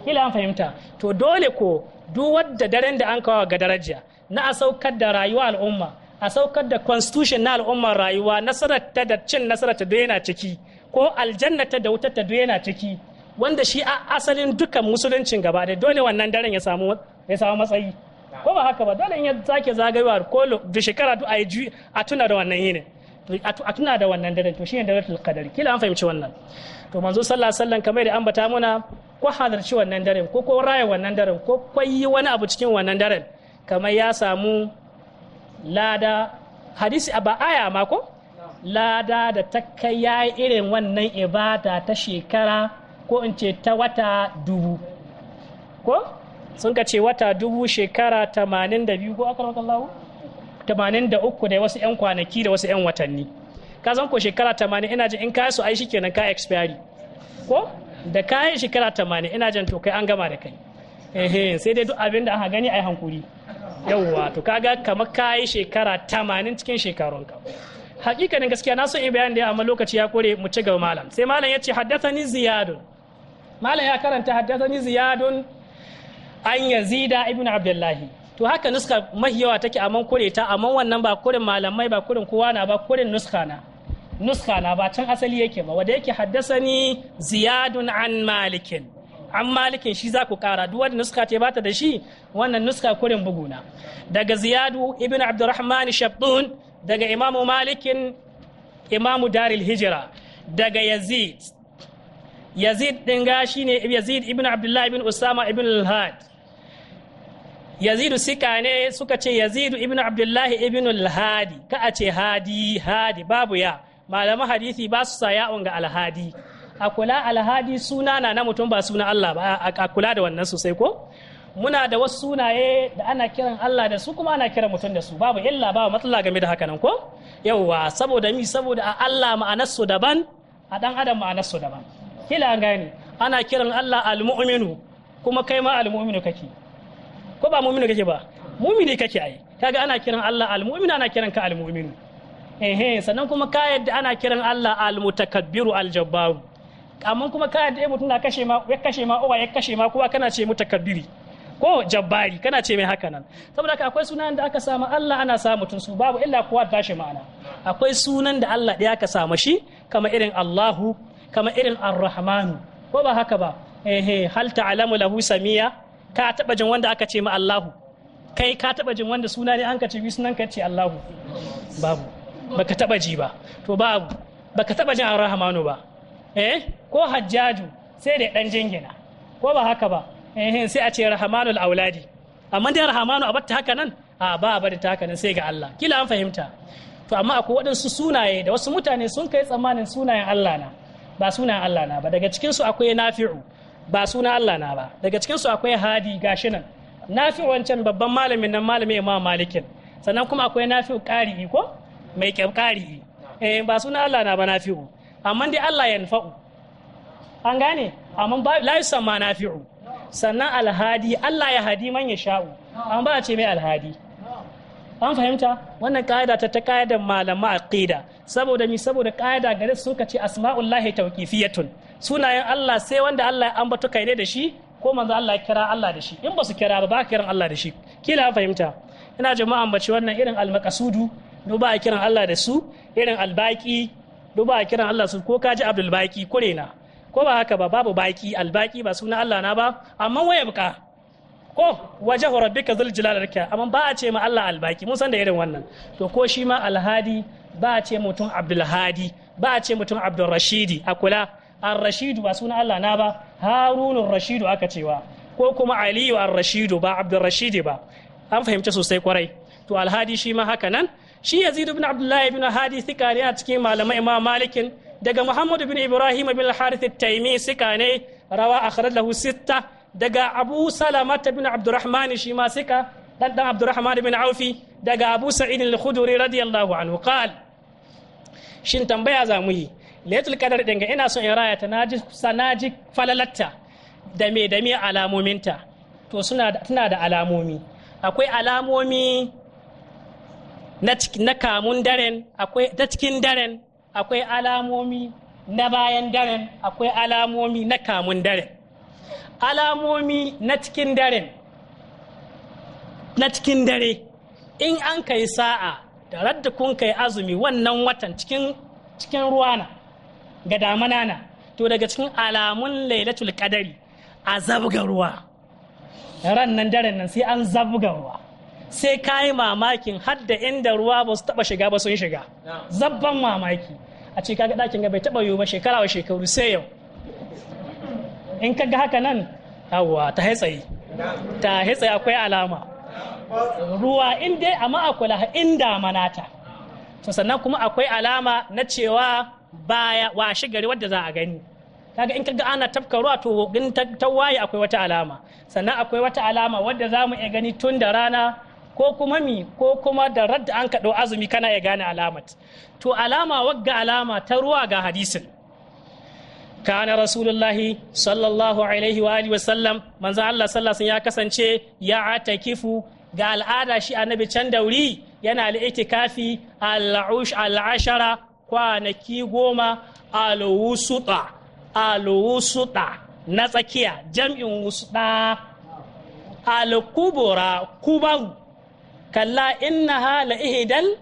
kila an fahimta to dole ko duk wadda daren da an kawo ga daraja na a saukar da rayuwa al'umma a saukar da constitution na al'ummar rayuwa nasarar ta da cin nasarar ta yana ciki ko aljanna ta da wutar ta yana ciki wanda shi a asalin dukan musuluncin gaba da dole wannan daren ya samu matsayi ko ba haka ba dole in ya sake zagayowa ko da shekara a yi a tuna da wannan yi ne a tuna da wannan daren to shine daratul qadar kila an fahimci wannan to manzo sallallahu alaihi wasallam kamar da bata muna ko halarci wannan daren ko ko raya wannan daren ko kwayi wani abu cikin wannan daren kamar ya samu lada hadisi a ba aya ma ko lada da ta kai ya irin wannan ibada ta shekara ko in ce ta wata dubu ko sun ka ce wata dubu shekara tamanin da biyu ko aka raka lawo tamanin da uku ne wasu yan kwanaki da wasu yan watanni ka zan ko shekara tamanin ina jin in ka su ai shikenan ka expiry ko da ka yi shekara tamanin ina jin to kai an gama da kai ehe sai dai duk abin da aka gani ai hankuri yawwa to kaga kamar ka yi shekara tamanin cikin shekarunka hakikanin gaskiya na son in bayani da amma lokaci ya kore mu ci gaba malam sai malam ya ce ni ziyadun malam ya karanta ni ziyadun an yazida ibn abdullahi to haka nuska mahi yawa take amman kure ta amman wannan ba kurin malamai ba kurin kowa na ba kurin nuska na nuska na ba can asali yake ba wanda yake haddasa ni ziyadun an malikin an malikin shi za ku kara duk wanda nuska ce bata da shi wannan nuska kurin buguna daga ziyadu ibn abdurrahman shabdun daga imamu malikin imamu daril hijira daga yazid yazid din ga shine yazid ibn abdullah ibn usama ibn al-had yazidu sika ne suka ce yazidu ibnu abdullahi ibnu alhadi ka a ce hadi hadi babu ya malaman hadisi ba su sa yawon ga alhadi a kula alhadi suna na na mutum ba suna Allah ba a kula da wannan sosai ko muna da wasu sunaye da ana kiran Allah da su kuma ana kiran mutum da su babu illa babu matsala game da haka nan ko yauwa saboda mi saboda a Allah ma'anar su daban a dan adam ma'anar su daban kila gani ana kiran Allah almuminu muminu kuma kai ma almuminu muminu kake ko ba mu'minu kake ba mu'mini kake ai kaga ana kiran Allah al-mu'min ana kiran ka al-mu'min eh sannan kuma ka yadda ana kiran Allah al-mutakabbiru al-jabbar amma kuma ka yadda mutum na kashe ma ya kashe ma uwa ya kashe ma kowa kana ce mutakabbiri ko jabbari kana ce mai haka nan saboda haka akwai sunan da aka sama Allah ana sa mutum su babu illa kowa ta shi ma'ana akwai sunan da Allah ɗaya aka samu shi kama irin Allahu kama irin Ar-Rahmanu ko ba haka ba eh hal ta'lamu lahu samiya ka taɓa jin wanda aka ce ma Allahu kai ka taɓa jin wanda suna ne an ka ce bi sunan ka ce Allahu babu baka taɓa ji ba to babu baka taɓa jin ar ba eh ko Hajjaju sai da dan jingina ko ba haka ba eh sai a ce Rahmanul Auladi amma dai Rahmanu a batta haka nan a ba a bari ta haka nan sai ga Allah kila an fahimta to amma akwai waɗansu sunaye da wasu mutane sun kai tsammanin sunayen Allah na ba sunayen Allah na ba daga cikin su akwai nafi'u ba suna Allah na ba daga cikin su akwai hadi gashi nan nafi wancan babban malamin nan malamin Imam Malikin sannan kuma akwai nafi qari'i ko mai kyau qari'i eh ba suna Allah na ba nafi'u amma dai Allah ya nfa'u an gane amma la yusamma nafi'u sannan alhadi Allah ya hadi man ya sha'u an ba a ce mai alhadi an fahimta wannan ƙa'ida ta ta ƙa'idar malama aqida saboda mi saboda ƙa'ida gare su suka ce asma'ullahi tawqifiyatun sunayen Allah sai wanda Allah ya ambato kai ne da shi ko manzo Allah ya kira Allah da shi in ba su kira ba ba kiran Allah da shi kila fahimta ina jama'a ambaci wannan irin almakasudu do ba kiran Allah da su irin albaki do ba kiran Allah su ko kaji Abdul Baki kure na ko ba haka ba babu baki albaki ba sunan Allah na ba amma waya buka ko waje rabbika zul jalalika amma ba a ce ma Allah albaki mun san da irin wannan to ko shi ma alhadi ba a ce mutum Abdul Hadi ba a ce mutum Abdul Rashidi a kula ar-rashidu ba suna Allah na ba harunun rashidu aka cewa ko kuma aliyu ar-rashidu ba abdurrashid ba an fahimci sosai kwarai to alhadi shi ma haka nan shi yazid ibn abdullahi ibn hadi thika ne a cikin malamai imam malikin daga muhammad ibn ibrahim ibn al-harith at-taymi sika ne rawa akhraj lahu sitta daga abu salamat ibn abdurrahman shi ma sika dan dan abdurrahman ibn aufi daga abu sa'id al-khudri radiyallahu anhu qal shin tambaya za mu yi lailatul kadar din ga ina son in raya ta naji sanaji falalatta da me da me alamominta to suna tana da alamomi akwai alamomi na na kamun daren akwai ta cikin daren akwai alamomi na bayan daren akwai alamomi na kamun daren alamomi na cikin daren na cikin dare in an kai sa'a da radda kun kai azumi wannan watan cikin ruwana ga damana na to daga cikin alamun lailatul qadari a zabga ruwa ran nan daren nan sai an zabga ruwa sai ka yi mamakin hadda inda ruwa ba su taba shiga ba sun shiga zabban mamaki a ce kaga dakin ga bai taba yiwu ba shekara wa shekaru sai yau in kaga haka nan yawwa ta haitsayi ta haitsayi akwai alama ruwa in dai amma akwai in manata, to sannan kuma akwai alama na cewa baya washe gari wadda za a gani kaga in kaga ana tafka ruwa to in ta akwai wata alama sannan akwai wata alama wadda za mu iya gani tun da rana ko kuma mi ko kuma da radda an kaɗo azumi kana iya gane alamat to alama wagga alama ta ruwa ga hadisin kana rasulullahi sallallahu alaihi wa alihi wasallam manzo Allah sallallahu ya kasance ya atakifu ga al'ada shi annabi can dauri yana al'itikafi al'ush al'ashara kwanaki goma a alwusuta na tsakiya jam'in wusuta alkubura kubaru kalla inna hala ihidal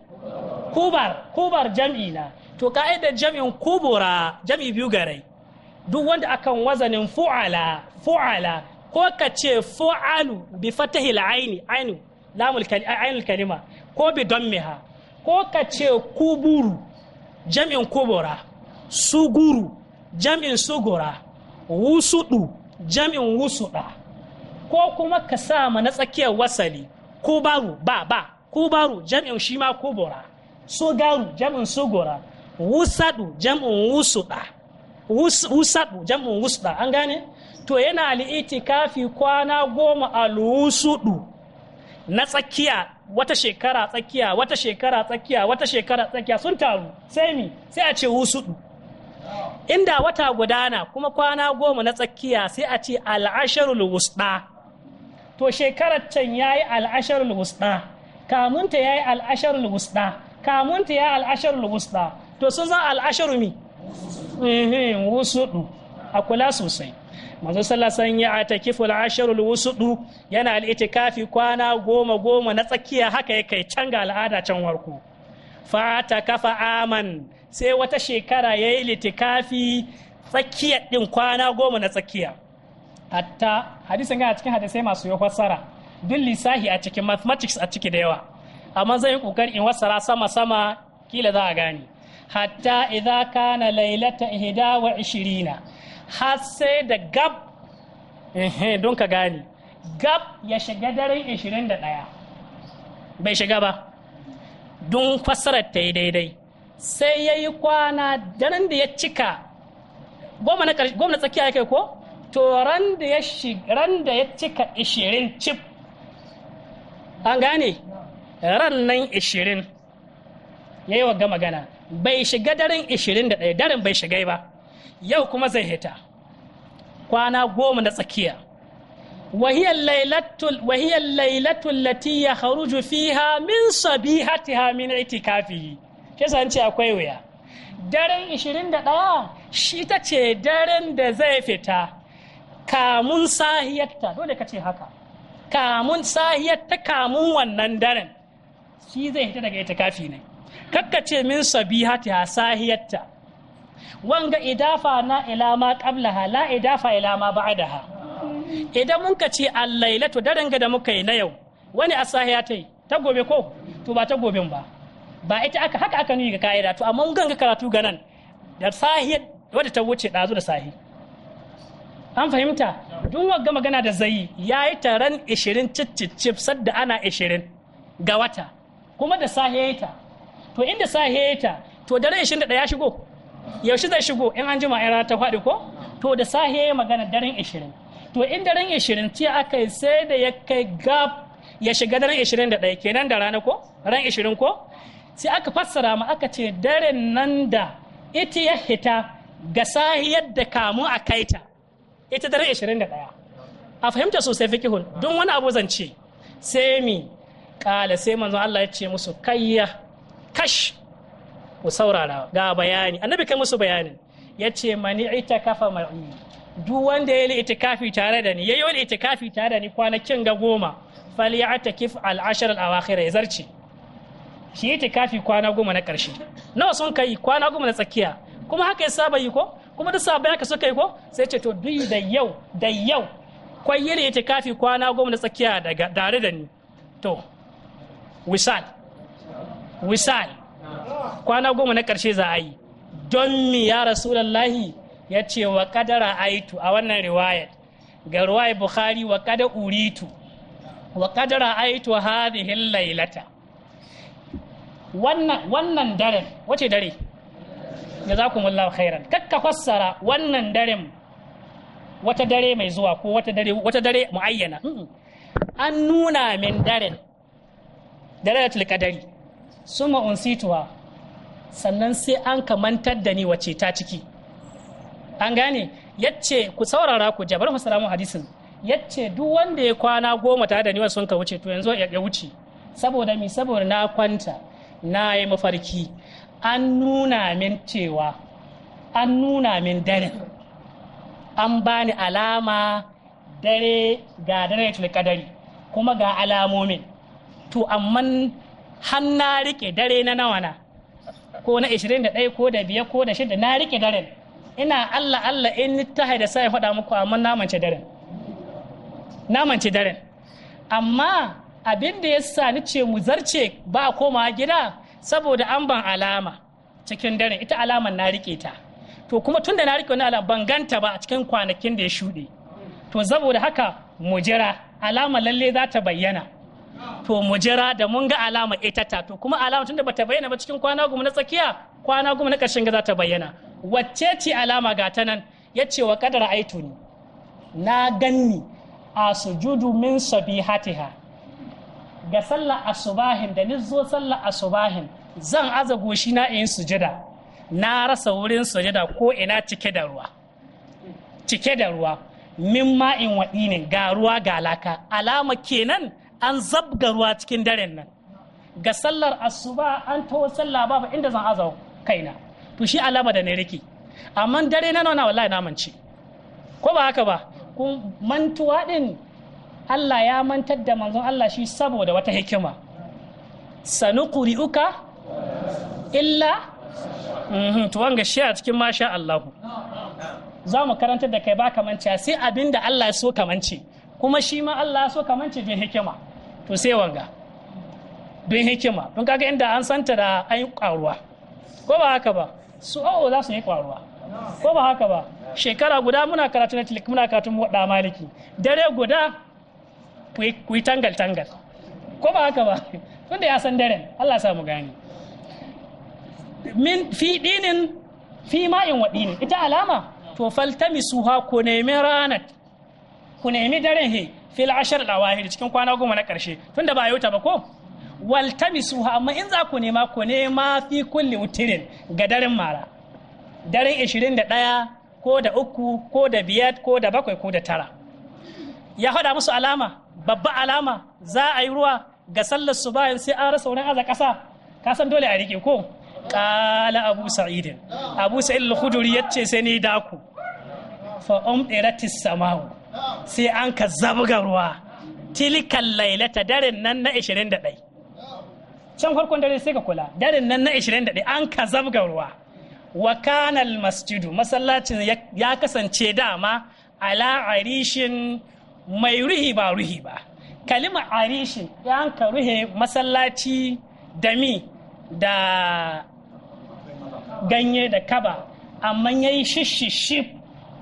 kubar kubar jam'ina na to ka'idar jam'in kubura jam'i biyu garai duk wanda akan wazanin fu'ala fu'ala ko ka ce fu'alu bi fatahi aini aini lamul kalima ko bi dammiha ko ka ce kuburu jam'in kobora suguru jam'in sugura wusudu jam'in wusuda ko kuma ka sa ma na tsakiyar wasali ko baru ba ba ko baru jam'in shi ma kobora sugaru jam'in sugura wusadu jam'in wusuda wusadu jam'in wusuda an gane to yana al'itikafi kwana goma a lusudu na tsakiya wata shekara tsakiya wata shekara tsakiya wata shekara tsakiya sun taru sai mi sai a ce wusu. inda wata gudana kuma kwana goma na tsakiya sai a ce al'asharul wusda to shekarar can yayi al'asharul wusda kamunta yayi al'asharul wusda kamunta yayi al'asharul wusda to sun za al'asharu mi wusudu a kula sosai manzo sallasan ya a al-ashr al yana al'itikafi itikafi kwana goma goma na tsakiya haka ya kai ga al'ada can warku fa kafa aman sai wata shekara ya yayi litikafi tsakiya din kwana goma na tsakiya hatta hadisin ga a cikin hadisai masu ya fassara duk lissahi a cikin mathematics a ciki da yawa amma zan yi kokari in wasara sama sama kila za a gane hatta idza kana lailata ihda wa ishirina har sai da gab don ka gani gab ya shiga daren 21 bai shiga ba don fassarar ta yi daidai sai ya yi kwana daren da ya cika goma na tsakiya ya kai ko to ran da ya cika 20 chip an gane ran nan 20 ya yi wa gama gana bai shiga daren 21 daren bai shiga ba yau kuma zai hita kwana goma na tsakiya wahiyar lailatul lati ya haruju fiha min sabihatiha min itikafihi kisa an ce akwai wuya daren 21 shi ta ce daren da zai fita kamun sahiyarta dole ka ce haka kamun sahiyarta kamun wannan daren shi zai hita daga kafi ne kakka ce min sabihatiha sahiyarta wanga idafa na ila ma qablaha la idafa ila ma ba'daha idan mun ka ce allailatu daren ga da muka yi na yau wani asahiya ta yi ta gobe ko to ba ta goben ba ba ita aka haka aka nuni ga ka'ida to amma mun ganga karatu ga nan da sahiyar wadda ta wuce ɗazu da sahi an fahimta duk wanga magana da zai ya yi taron 20 cicicif sadda ana 20 ga wata kuma da sahi ta to inda sahi ta to dare 21 ya shigo yaushe zai shigo in an jima rana ta faɗi ko to da sahe ya magana daren ishirin to in daren ishirin ce aka yi sai da ya kai gab ya shiga daren da ɗaya kenan da rana ko ran ishirin ko sai aka fassara ma aka ce daren nan da ita ya hita ga sahiyar da kamu a kaita ita daren da ɗaya a fahimta sosai fikihun don wani abu zance sai mi ƙala sai manzon Allah ya ce musu kayya kash ku saurara ga bayani annabi kai musu bayanin ya ce mani kafa ma'i duk wanda ya yi itikafi tare da ni ya yi itikafi tare da ni kwanakin ga goma fali ya kif al'ashar al'awakhira ya zarce shi itikafi kwana goma na ƙarshe nawa sun kai kwana goma na tsakiya kuma haka ya saba yi ko kuma duk saba haka suka yi ko sai ce to duk da yau da yau kwai yi itikafi kwana goma na tsakiya daga tare da ni to wisal wisal kwana goma na ƙarshe za a yi don mi ya rasulallahi ya ce wa kadara aitu a wannan riwayat ga ruwaya bukhari wa kada uritu wa kadara aitu hadhihi laylata wannan wannan daren wace dare za ku mulla khairan kakka fassara wannan daren wata dare mai zuwa ko wata dare muayyana an nuna min daren da qadari suma unsituwa sannan sai an kamantar da ni wace ta ciki an gane yace ku saurara ku jabar fa salamu hadisin yace duk wanda ya kwana goma ta da ni sun ka wuce to yanzu ya wuce saboda mi saboda na kwanta na yi mafarki an nuna min cewa an nuna min dare an bani alama dare ga dare kadari kuma ga alamomin to amman har na rike dare na nawa na ko na 21 ko da biyar ko da shida na rike daren ina Allah Allah in ni ta haida sai faɗa muku amma na mance daren na mance daren amma abin da ya sa ni ce mu zarce ba koma gida saboda an ban alama cikin daren ita alaman na rike ta to kuma tunda na rike wannan alama ban ganta ba a cikin kwanakin da ya shuɗe to saboda haka mu jira alama lalle za ta bayyana to mu jira da mun ga alama ita ta to kuma alama tunda bata bayyana ba cikin kwana goma na tsakiya kwana goma na ƙarshen ga za ta bayyana wacce ce alama ga ta nan ya ce wa kadar aituni na ganni a sujudu min sabihatiha ga sallar asubahin da nizo sallar asubahin zan aza goshi na in sujada na rasa wurin sujada ko ina cike da ruwa cike da ruwa min ma'in waɗinin ga ruwa ga laka alama kenan an zabga ruwa cikin daren nan ga sallar asuba an taho sallah babu inda zan aza kaina to shi alama da ne rike, amma dare na nawa wallahi na mance ko ba haka ba kun mantuwa din Allah ya mantar da manzon Allah shi saboda wata hikima sanuqri'uka illa mhm, to wanga shi a cikin masha Allah za mu karanta da kai ba kamanci sai abin da Allah ya so kamanci kuma shi ma Allah ya so kamanci bin hikima to sai wanga don hikima don kaga inda an santa da an yi ƙaruwa ko ba haka ba su awo za su yi ƙaruwa ko ba haka ba shekara guda muna karatu na tilik muna karatu wadda maliki dare guda ku yi tangal tangal ko ba haka ba <laughs> tun da ya san daren Allah sa mu gani min fi dinin fi ma'in wa dinin ita alama to faltami suha ku nemi ranar ku nemi daren he fil ashar al-awahir cikin kwana goma na karshe tunda ba yauta ba ko waltamisuha amma in za ku nema ku nema fi kulli utirin ga daren mara daren 21 ko da uku ko da biyar ko da bakwai ko da tara ya faɗa musu alama babba alama za a yi ruwa ga sallar su bayan sai an rasa wurin aza ƙasa ka san dole a rike ko ƙala abu sa'id abu sa'id al khudri yace sai ni daku fa umdiratis sama'u sai an ka zabga ruwa tilikan lailata daren nan na 21 can farkon dare sai ka kula daren nan na 21 an ka zabga ruwa wa kanal masjidu masallacin ya kasance dama ala arishin mai ruhi ba ruhi ba kalima arishin ya ka ruhe masallaci da mi da ganye da kaba amma ya yi shishishif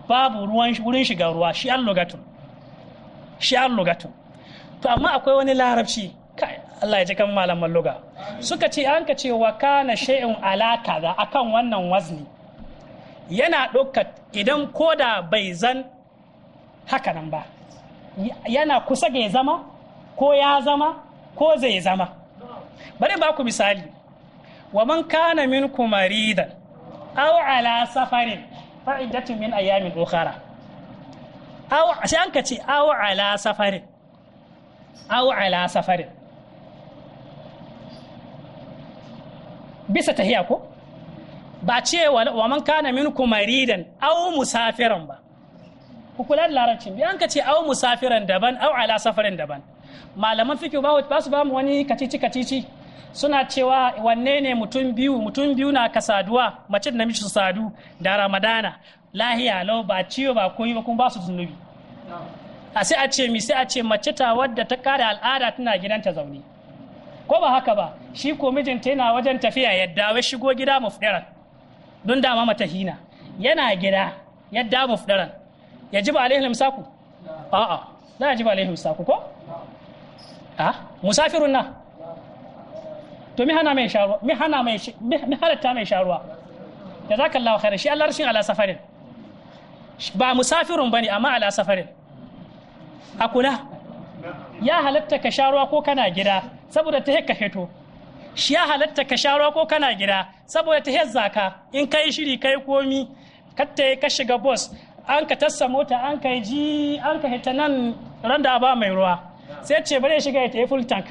babu ruwan wurin shiga ruwa shi an logatun shi an logatun to amma akwai wani larabci Allah ya ji kan malaman loga suka ce an ka ce wa kana shay'un ala kaza akan wannan wazni yana ɗauka idan koda bai zan haka nan ba yana kusa ga ya zama ko ya zama ko zai zama bari ba ku misali wa man kana minkum maridan aw ala safarin fa'idatun min ayyamin ukhara sai an ka ce awa ala safarin awa ala safarin bisa tahiya ko ba ce wa man kana minkum maridan aw musafiran ba ku kula da larabcin bi an ka ce aw musafiran daban aw ala safarin daban malaman fikin ba su ba mu wani kacici kacici suna cewa wanne ne mutum biyu mutum biyu na ka saduwa mace da namiji su sadu da ramadana lahiya lau ba ciwo ba koyi ba kuma ba su zunubi a sai a ce mi sai a ce mace ta wadda ta kare al'ada tana gidanta zaune ko ba haka ba shi ko mijinta yana wajen tafiya ya dawo shigo gida mufdaran don dama mata hina yana gida yadda dawo mufdaran ya ji ba alaihi saku a'a za a ji ba alaihi saku ko a musafirun na to mi hana mai sharuwa mi hana mai mi halatta mai sharuwa Allah khairan shi Allah rashin ala safarin ba musafirun bane amma ala safarin a kula ya halatta ka sharuwa ko kana gida saboda ta hekka heto shi ya halatta ka sharuwa ko kana gida saboda ta hezza ka in kai shiri kai komi katta ka shiga bus an ka tassa mota an ka ji an ka hita nan randa ba mai ruwa sai ce bare shiga ya tafi full tank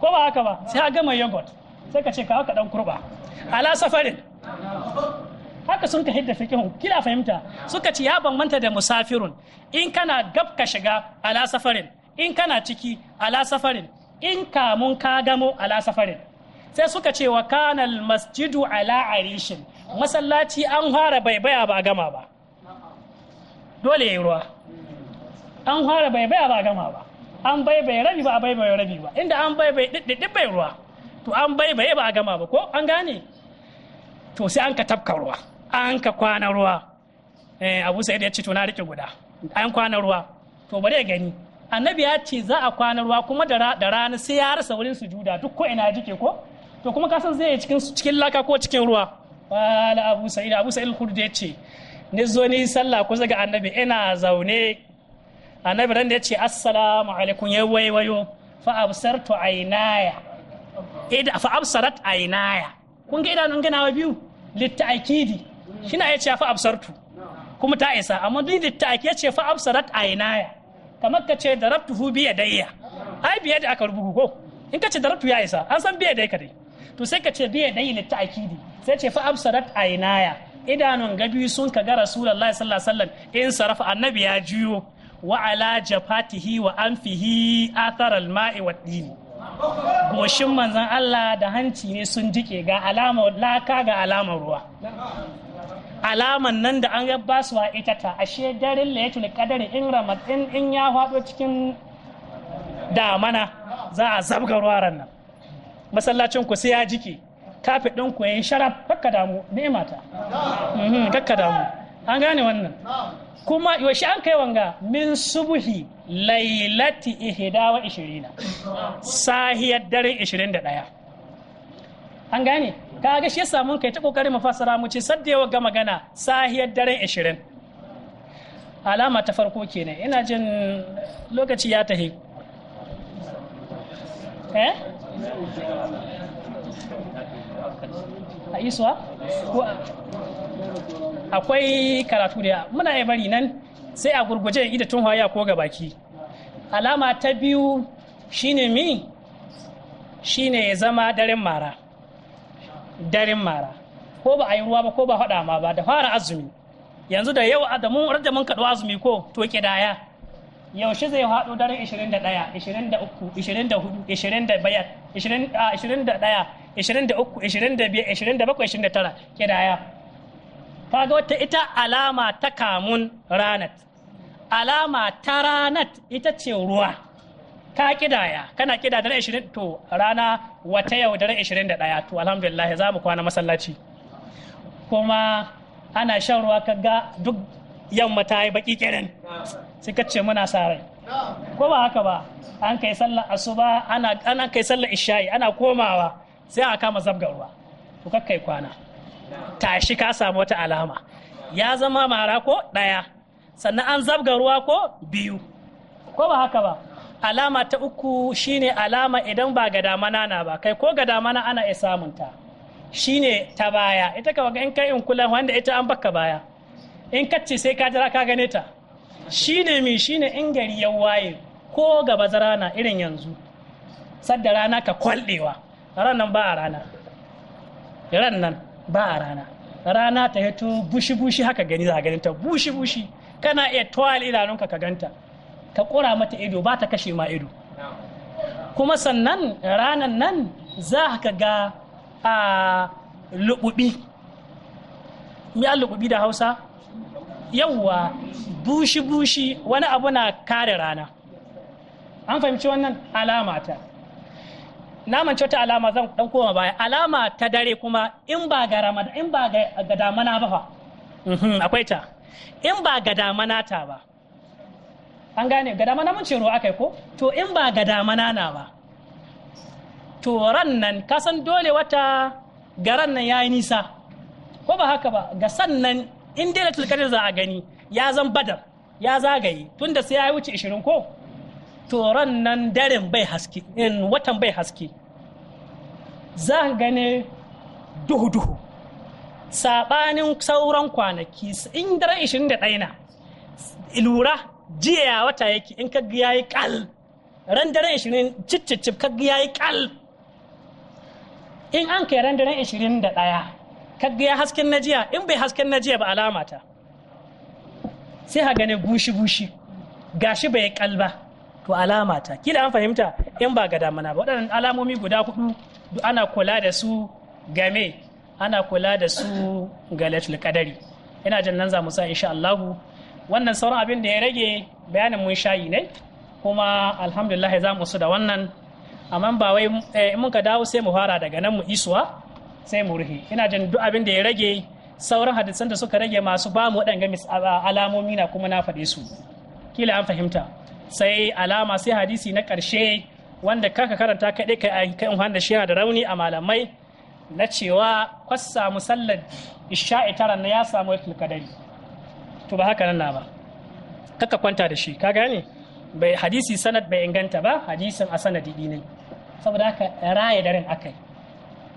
ko ba haka ba sai a gama yogurt sai ka ce ka haka dan kurba ala safarin haka sun ka hidda fikin kila fahimta suka ci ya bambanta da musafirun in kana gab ka shiga ala safarin in kana ciki ala safarin in kamun ka gamo ala safarin sai suka ce wa kanal masjidu ala arishin masallaci an fara baibaya ba gama ba dole ya yi ruwa an fara baibaya ba gama ba an baibaye rabi ba a baibaye rabi ba inda an baibaye ɗiɗɗiɗɗi bai ruwa to an baibaye ba a gama ba ko an gane to sai an ka tafka ruwa an ka kwana ruwa eh, abu sai ya ce to na rike guda an kwana ruwa to bari ya gani annabi ya ce za a kwana ruwa kuma da rana sai ya rasa wurin sujuda duk ko ina jike ko to kuma kasan zai cikin cikin laka ko cikin ruwa wala abu sa'id abu sa'id al-khudri ya ce ni zo ni sallah ko zaga annabi ina zaune annabi ran da ya ce assalamu alaikum ya waiwayo fa absartu aynaya ida fa absarat aynaya kun ga idanun ganawa biyu litta'kidi shina ya ce fa absartu kuma ta isa amma duk litta'ki ya ce fa absarat aynaya kamar ka ce darabtuhu bi yadayya ai biye da aka rubuku ko in ka ce darabtu ya isa an san biye da ka dai to sai ka ce biye da litta'kidi sai ce fa absarat aynaya idanun gabi sun ka ga rasulullahi sallallahu alaihi wasallam in sarafa annabi ya juyo wa ala jafatihi wa anfihi athar al-ma'i wa dini goshin manzan Allah da hanci ne sun jike ga alama laka ga alama ruwa alaman nan da an yabba su a ita ta ashe darin yatul qadari in ramadan in ya fado cikin damana za a zabga ruwaran nan masallacin ku sai ya jike kafi din ku yayin sharaf fakka damu ne mata mhm, kakka damu an gane wannan kuma yaushe an kai wanga min subuhi lailati ihda wa ishirina sahiyar dare ishirin da ɗaya an gane ka ga shi yasa mun kai ta kokarin mu fasara mu ce sadda ga magana sahiyar dare ishirin alama ta farko kenan ina jin lokaci ya tahi eh a isuwa akwai karatu da muna ya bari nan sai a gurguje ita tun haya ko ga baki alama ta biyu shine mi shine ya zama daren mara daren mara ko ba a yi ruwa ba ko ba haɗa ma ba da fara azumi yanzu da yau da mun rage mun kaɗo azumi ko to ya. yaushe zai haɗo daren 21 23 24 25 21 23 25 29 ya. kaga wata ita alama ta kamun ranat alama ta ranat ita ce ruwa ka kidaya kana kida dare 20 to rana wata yau da 21 to alhamdulillah za mu kwana masallaci kuma ana shan ruwa kaga duk yamma ta yi baki kirin sai ka ce muna sa rai ko ba haka ba an kai sallar asuba ana kai sallar isha'i ana komawa sai a kama zabga ruwa to kakkai kwana tashi ka samu wata alama ya zama mara ko ɗaya sannan an zabga ruwa ko biyu ko ba haka ba alama ta uku shine alama idan ba ga damana na ba kai ko ga damana ana iya samunta shine ta baya ita ka in kai in kula wanda ita an baka baya in kacce sai ka jira ka gane ta shine mi shine in gari ya waye ko ga bazara na irin yanzu sadda rana ka kwallewa ranan ba a rana ran nan ba a rana rana ta hito bushi-bushi haka gani za a ganin ta bushi-bushi kana iya towal idanunka ka ganta ka kura mata ido ba ta kashe ma ido kuma sannan ranan nan za ka ga a lububi ya lububi da hausa yauwa bushi-bushi wani abu na kare rana an fahimci wannan alamata. na mance ta alama zan dan koma baya alama ta dare kuma in ba ga ramadan in ba ga damana ba fa mhm, akwai ta in ba ga damana ta ba an gane ga damana mun ce ruwa akai ko to in ba ga damana na ba to ran nan ka san dole wata garan nan yayi nisa ko ba haka ba ga sannan in dai da za a gani ya zan badar ya zagaye tunda sai ya wuce 20 ko toron nan daren bai haske in watan bai haske za ka gane duhu-duhu saɓanin sauran kwanaki in dare 21 na lura jiya ya wata yake in ka ya yi kal ran daren 20 cicicip ka ya yi kal in an kai ran daren 21 ka ya hasken na jiya in bai hasken na jiya ba alamata sai ha gane bushi-bushi gashi bai kal ba to alama ta kila an fahimta in ba ga damana ba waɗannan alamomi guda hudu ana kula da su game ana kula da su ga kadari ina jin nan za mu sa insha Allahu wannan sauran abin da ya rage bayanin mun shayi ne kuma alhamdulillah za mu su da wannan amma ba wai eh, in muka dawo sai mu fara daga nan mu isuwa sai mu ruhi ina jin duk abin da ya rage sauran hadisan da suka rage masu ba mu waɗanga alamomi na kuma na faɗe su kila an fahimta sai alama sai hadisi na ƙarshe wanda kaka karanta kaɗai ka kan wanda shi da rauni a malamai na cewa kwassa musallar isha'i tara na ya samu wata kadari to ba haka nan na ba kaka kwanta da shi ka gane bai hadisi sanad bai inganta ba hadisin a sanadi ne saboda haka raya daren akai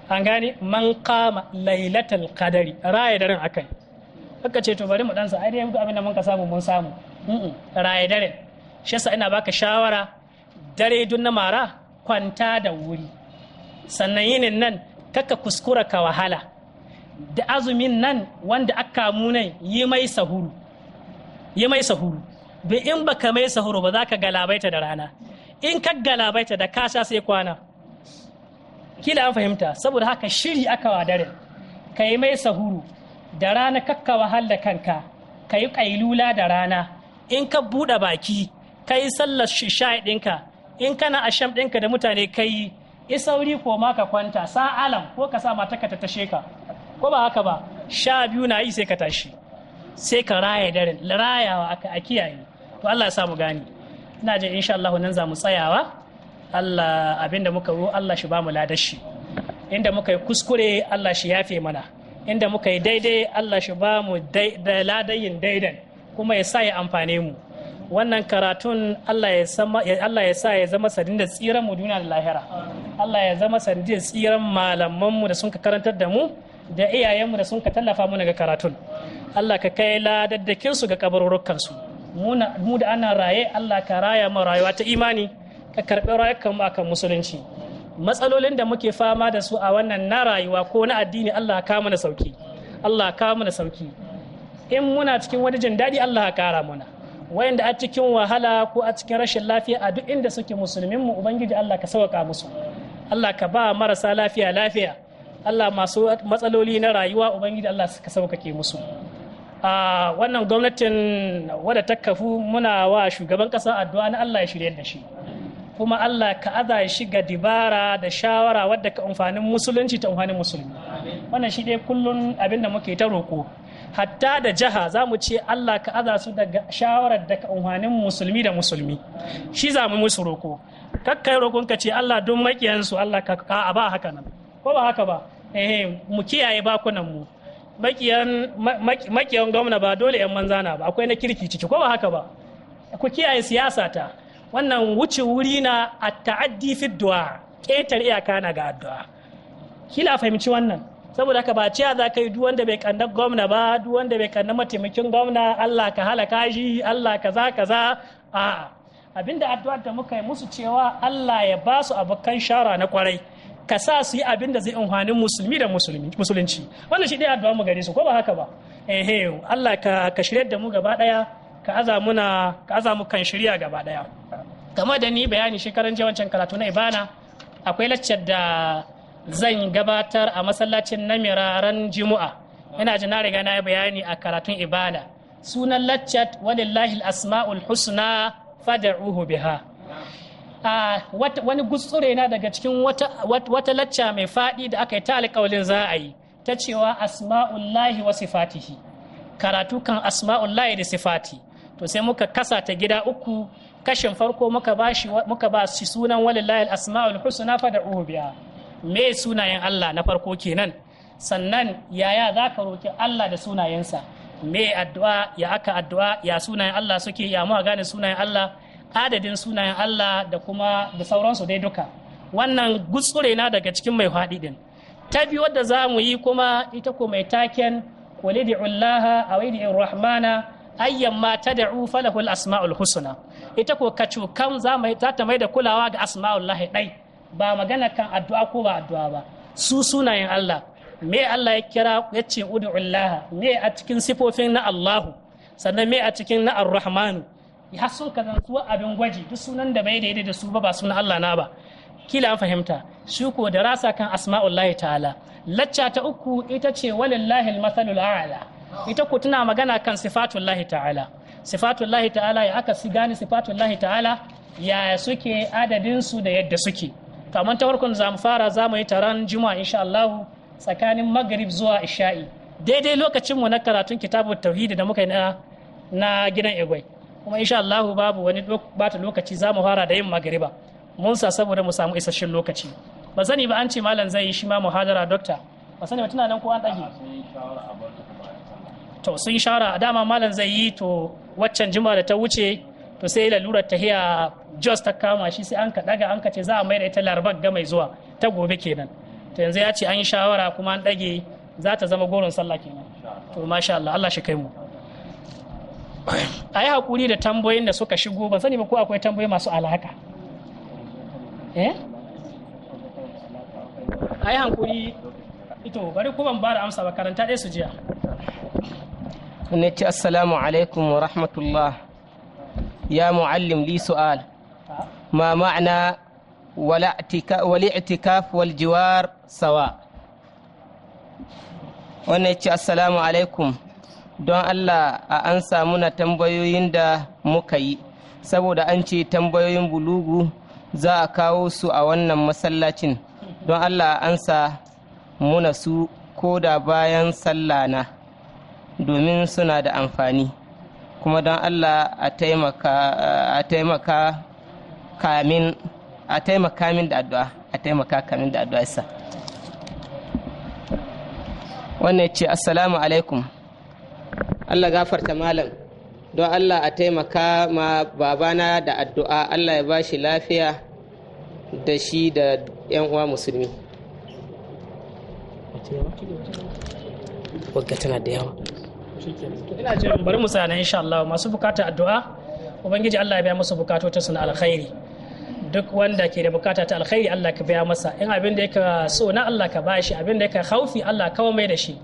an gane man kama lailatul qadari raya daren akai haka ce to bari mu dan sa ai dai abin da mun ka samu mun samu raye daren shi yasa ina baka shawara dare dun na mara kwanta da wuri sannan yinin nan kaka kuskura ka wahala da azumin nan wanda aka munai yi mai sahuru yi mai sahuru in baka mai sahuru ba za ka galabaita da rana in ka galabaita da ka sai kwana kila an fahimta saboda haka shiri aka wa dare ka yi mai sahuru da rana kakka wahala kanka ka yi kailula da rana in ka buɗe baki ka yi sallar isha'i ɗinka in kana asham ɗinka da mutane ka yi sauri ko ma ka kwanta sa alam ko ka sa mata ka tattashe ka ko ba haka ba sha biyu na yi sai ka tashi sai ka raya daren rayawa a kiyaye to Allah ya samu gani ina jin insha Allah nan za mu tsayawa Allah abinda muka yi Allah shi ba mu ladashi inda muka yi kuskure Allah shi yafe mana inda muka yi daidai Allah shi ba mu ladayin daidan kuma ya sa ya amfane mu wannan karatun Allah ya sa ya zama sanin da tsiran mu duniya da lahira Allah ya zama sanin da tsiran malaman da sun ka karantar da mu da iyayen da sun ka tallafa mu daga karatun Allah ka kai ladaddakin su ga kabarurukan su mu da ana raye Allah ka raya mu rayuwa ta imani ka karɓi rayukan mu akan musulunci matsalolin da muke fama da su a wannan na rayuwa ko na addini Allah ka mana sauki Allah ka mana sauki in muna cikin wani jin daɗi Allah ka kara mana wayanda a cikin wahala ko a cikin rashin lafiya a duk inda suke musulmin mu ubangiji Allah ka sauka musu Allah ka ba marasa lafiya lafiya Allah masu matsaloli na rayuwa ubangiji Allah ka sauƙaƙe musu a wannan gwamnatin wadda ta kafu muna wa shugaban ƙasa addu'a na Allah ya shirya da shi kuma Allah ka aza shi ga dibara da shawara wadda ka amfanin musulunci ta amfanin musulmi wannan shi dai kullun abin da muke ta roƙo hatta da jiha za mu ce Allah ka aza su daga shawarar da umarnin musulmi da musulmi shi za mu musu roko kakkai rokon ka ce Allah don makiyansu Allah ka a ba haka nan ko ba haka ba eh mu kiyaye bakunan mu makiyan makiyan gwamna ba dole yan manzana ba akwai na kirki ciki ko ba haka ba ku kiyaye siyasa ta wannan wuce wuri na at-ta'addi fi du'a ketar iyaka na ga addu'a kila fahimci wannan saboda haka ba ce za ka yi duk wanda bai kanna gwamna ba duk wanda bai kanna mataimakin gwamna Allah ka halaka shi Allah kaza kaza a abinda addu'a da muka yi musu cewa Allah ya ba su abokan shara na kwarai ka sa su yi abin da zai amfanin musulmi da musulunci wannan shi ɗaya addu'a mu gare su ko ba haka ba ehe Allah ka ka shirya da mu gaba ɗaya ka aza muna ka aza mu kan shirya gaba ɗaya kamar da ni bayani shekaran jiya karatu na ibana akwai laccar da zan gabatar a masallacin namira ran juma'a ina ji na riga na yi bayani a karatun ibada sunan lachat walillahi asma'ul husna fad'uhu biha wani gutsure na daga cikin wata lacca mai faɗi da aka yi ta alƙawalin za a yi ta cewa asma'ullahi wa sifatihi karatu kan asma'ullahi da sifati to sai muka kasa ta gida uku kashin farko muka ba shi sunan walillahi asma'ul husna fad'uhu biha me sunayen Allah na farko kenan sannan yaya za ka roki Allah da sunayensa me addu'a ya aka addu'a ya sunayen Allah suke ya mu gane sunayen Allah adadin sunayen Allah da kuma da sauransu dai duka wannan gutsure na daga cikin mai faɗi din ta biyu wadda za mu yi kuma ita ko mai taken kulidi ullaha a rahmana ayyan ma ta da'u falahul asma'ul husna ita ko kacukan za ta mai da kulawa ga asma'ul lahi ɗai ba magana kan addu'a ko ba addu'a ba su sunayen Allah me Allah ya kira ya ce ud'ullaha me a cikin sifofin na Allahu sannan me a cikin na ar rahman ya so ka su abin gwaji duk sunan da bai daidai da su ba ba sunan Allah na ba kila an fahimta shi ko da rasa kan asma'ullahi ta'ala lacca ta uku ita ce walillahi al-masalul a'la ita ku tana magana kan sifatullahi ta'ala sifatullahi ta'ala ya aka si gane sifatullahi ta'ala ya suke adadin su da yadda suke to amma ta farkon za mu fara za mu yi taron juma'a insha Allah tsakanin magrib zuwa isha'i daidai lokacin mu na karatun kitabu tauhidi da muka yi na na gidan egwai kuma insha Allah babu wani bata lokaci za mu fara da yin magriba mun sa saboda mu samu isasshen lokaci ba sani ba an ce malam zai yi shi ma muhadara doctor ba sani ba tana nan ko an dage to sun shara, a dama malam zai yi to waccan juma'a da ta wuce to sai lalurar tahiya jos ta kama shi sai an ka daga an ka ce za a maida ita larabar ga mai zuwa ta gobe kenan to yanzu ya ce an yi shawara kuma an dage za ta zama goron sallah kenan to masha Allah Allah shi kai mu a yi hakuri da tambayoyin da suka shigo ban sani ba ko akwai tambayoyi masu alaka eh a yi ito bari kuma ba bara amsa ba karanta ɗaya su jiya. ne ce assalamu alaikum wa rahmatullah يا معلم لي سؤال ma'ana معنى والاعتكاف والجوار سواء wannan ce assalamu alaikum don allah a an muna tambayoyin da muka yi saboda an ce tambayoyin bulugu za a kawo su a wannan masallacin don allah a ansa muna su ko da bayan sallah na domin suna da amfani kuma don allah a taimaka kamin a taimaka min da addu'a a taimaka kamin da addu'a isa wannan ce assalamu alaikum allah gafarta malam don allah a taimaka ma babana da addu'a allah ya bashi lafiya da shi da 'yan uwa musulmi tana da yawa ina jin bari mu sana insha Allah masu bukata addu'a ubangiji Allah ya biya musu bukatotin su na alkhairi duk wanda ke da bukata ta alkhairi Allah ka biya masa in abin da yake so na Allah ka bashi abin da yake haufi Allah kawo mai da shi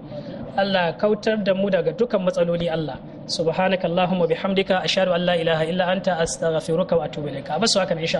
Allah kautar da mu daga dukkan matsaloli Allah subhanakallahumma bihamdika ashhadu an la ilaha illa anta astaghfiruka wa atubu ilaik abasu haka insha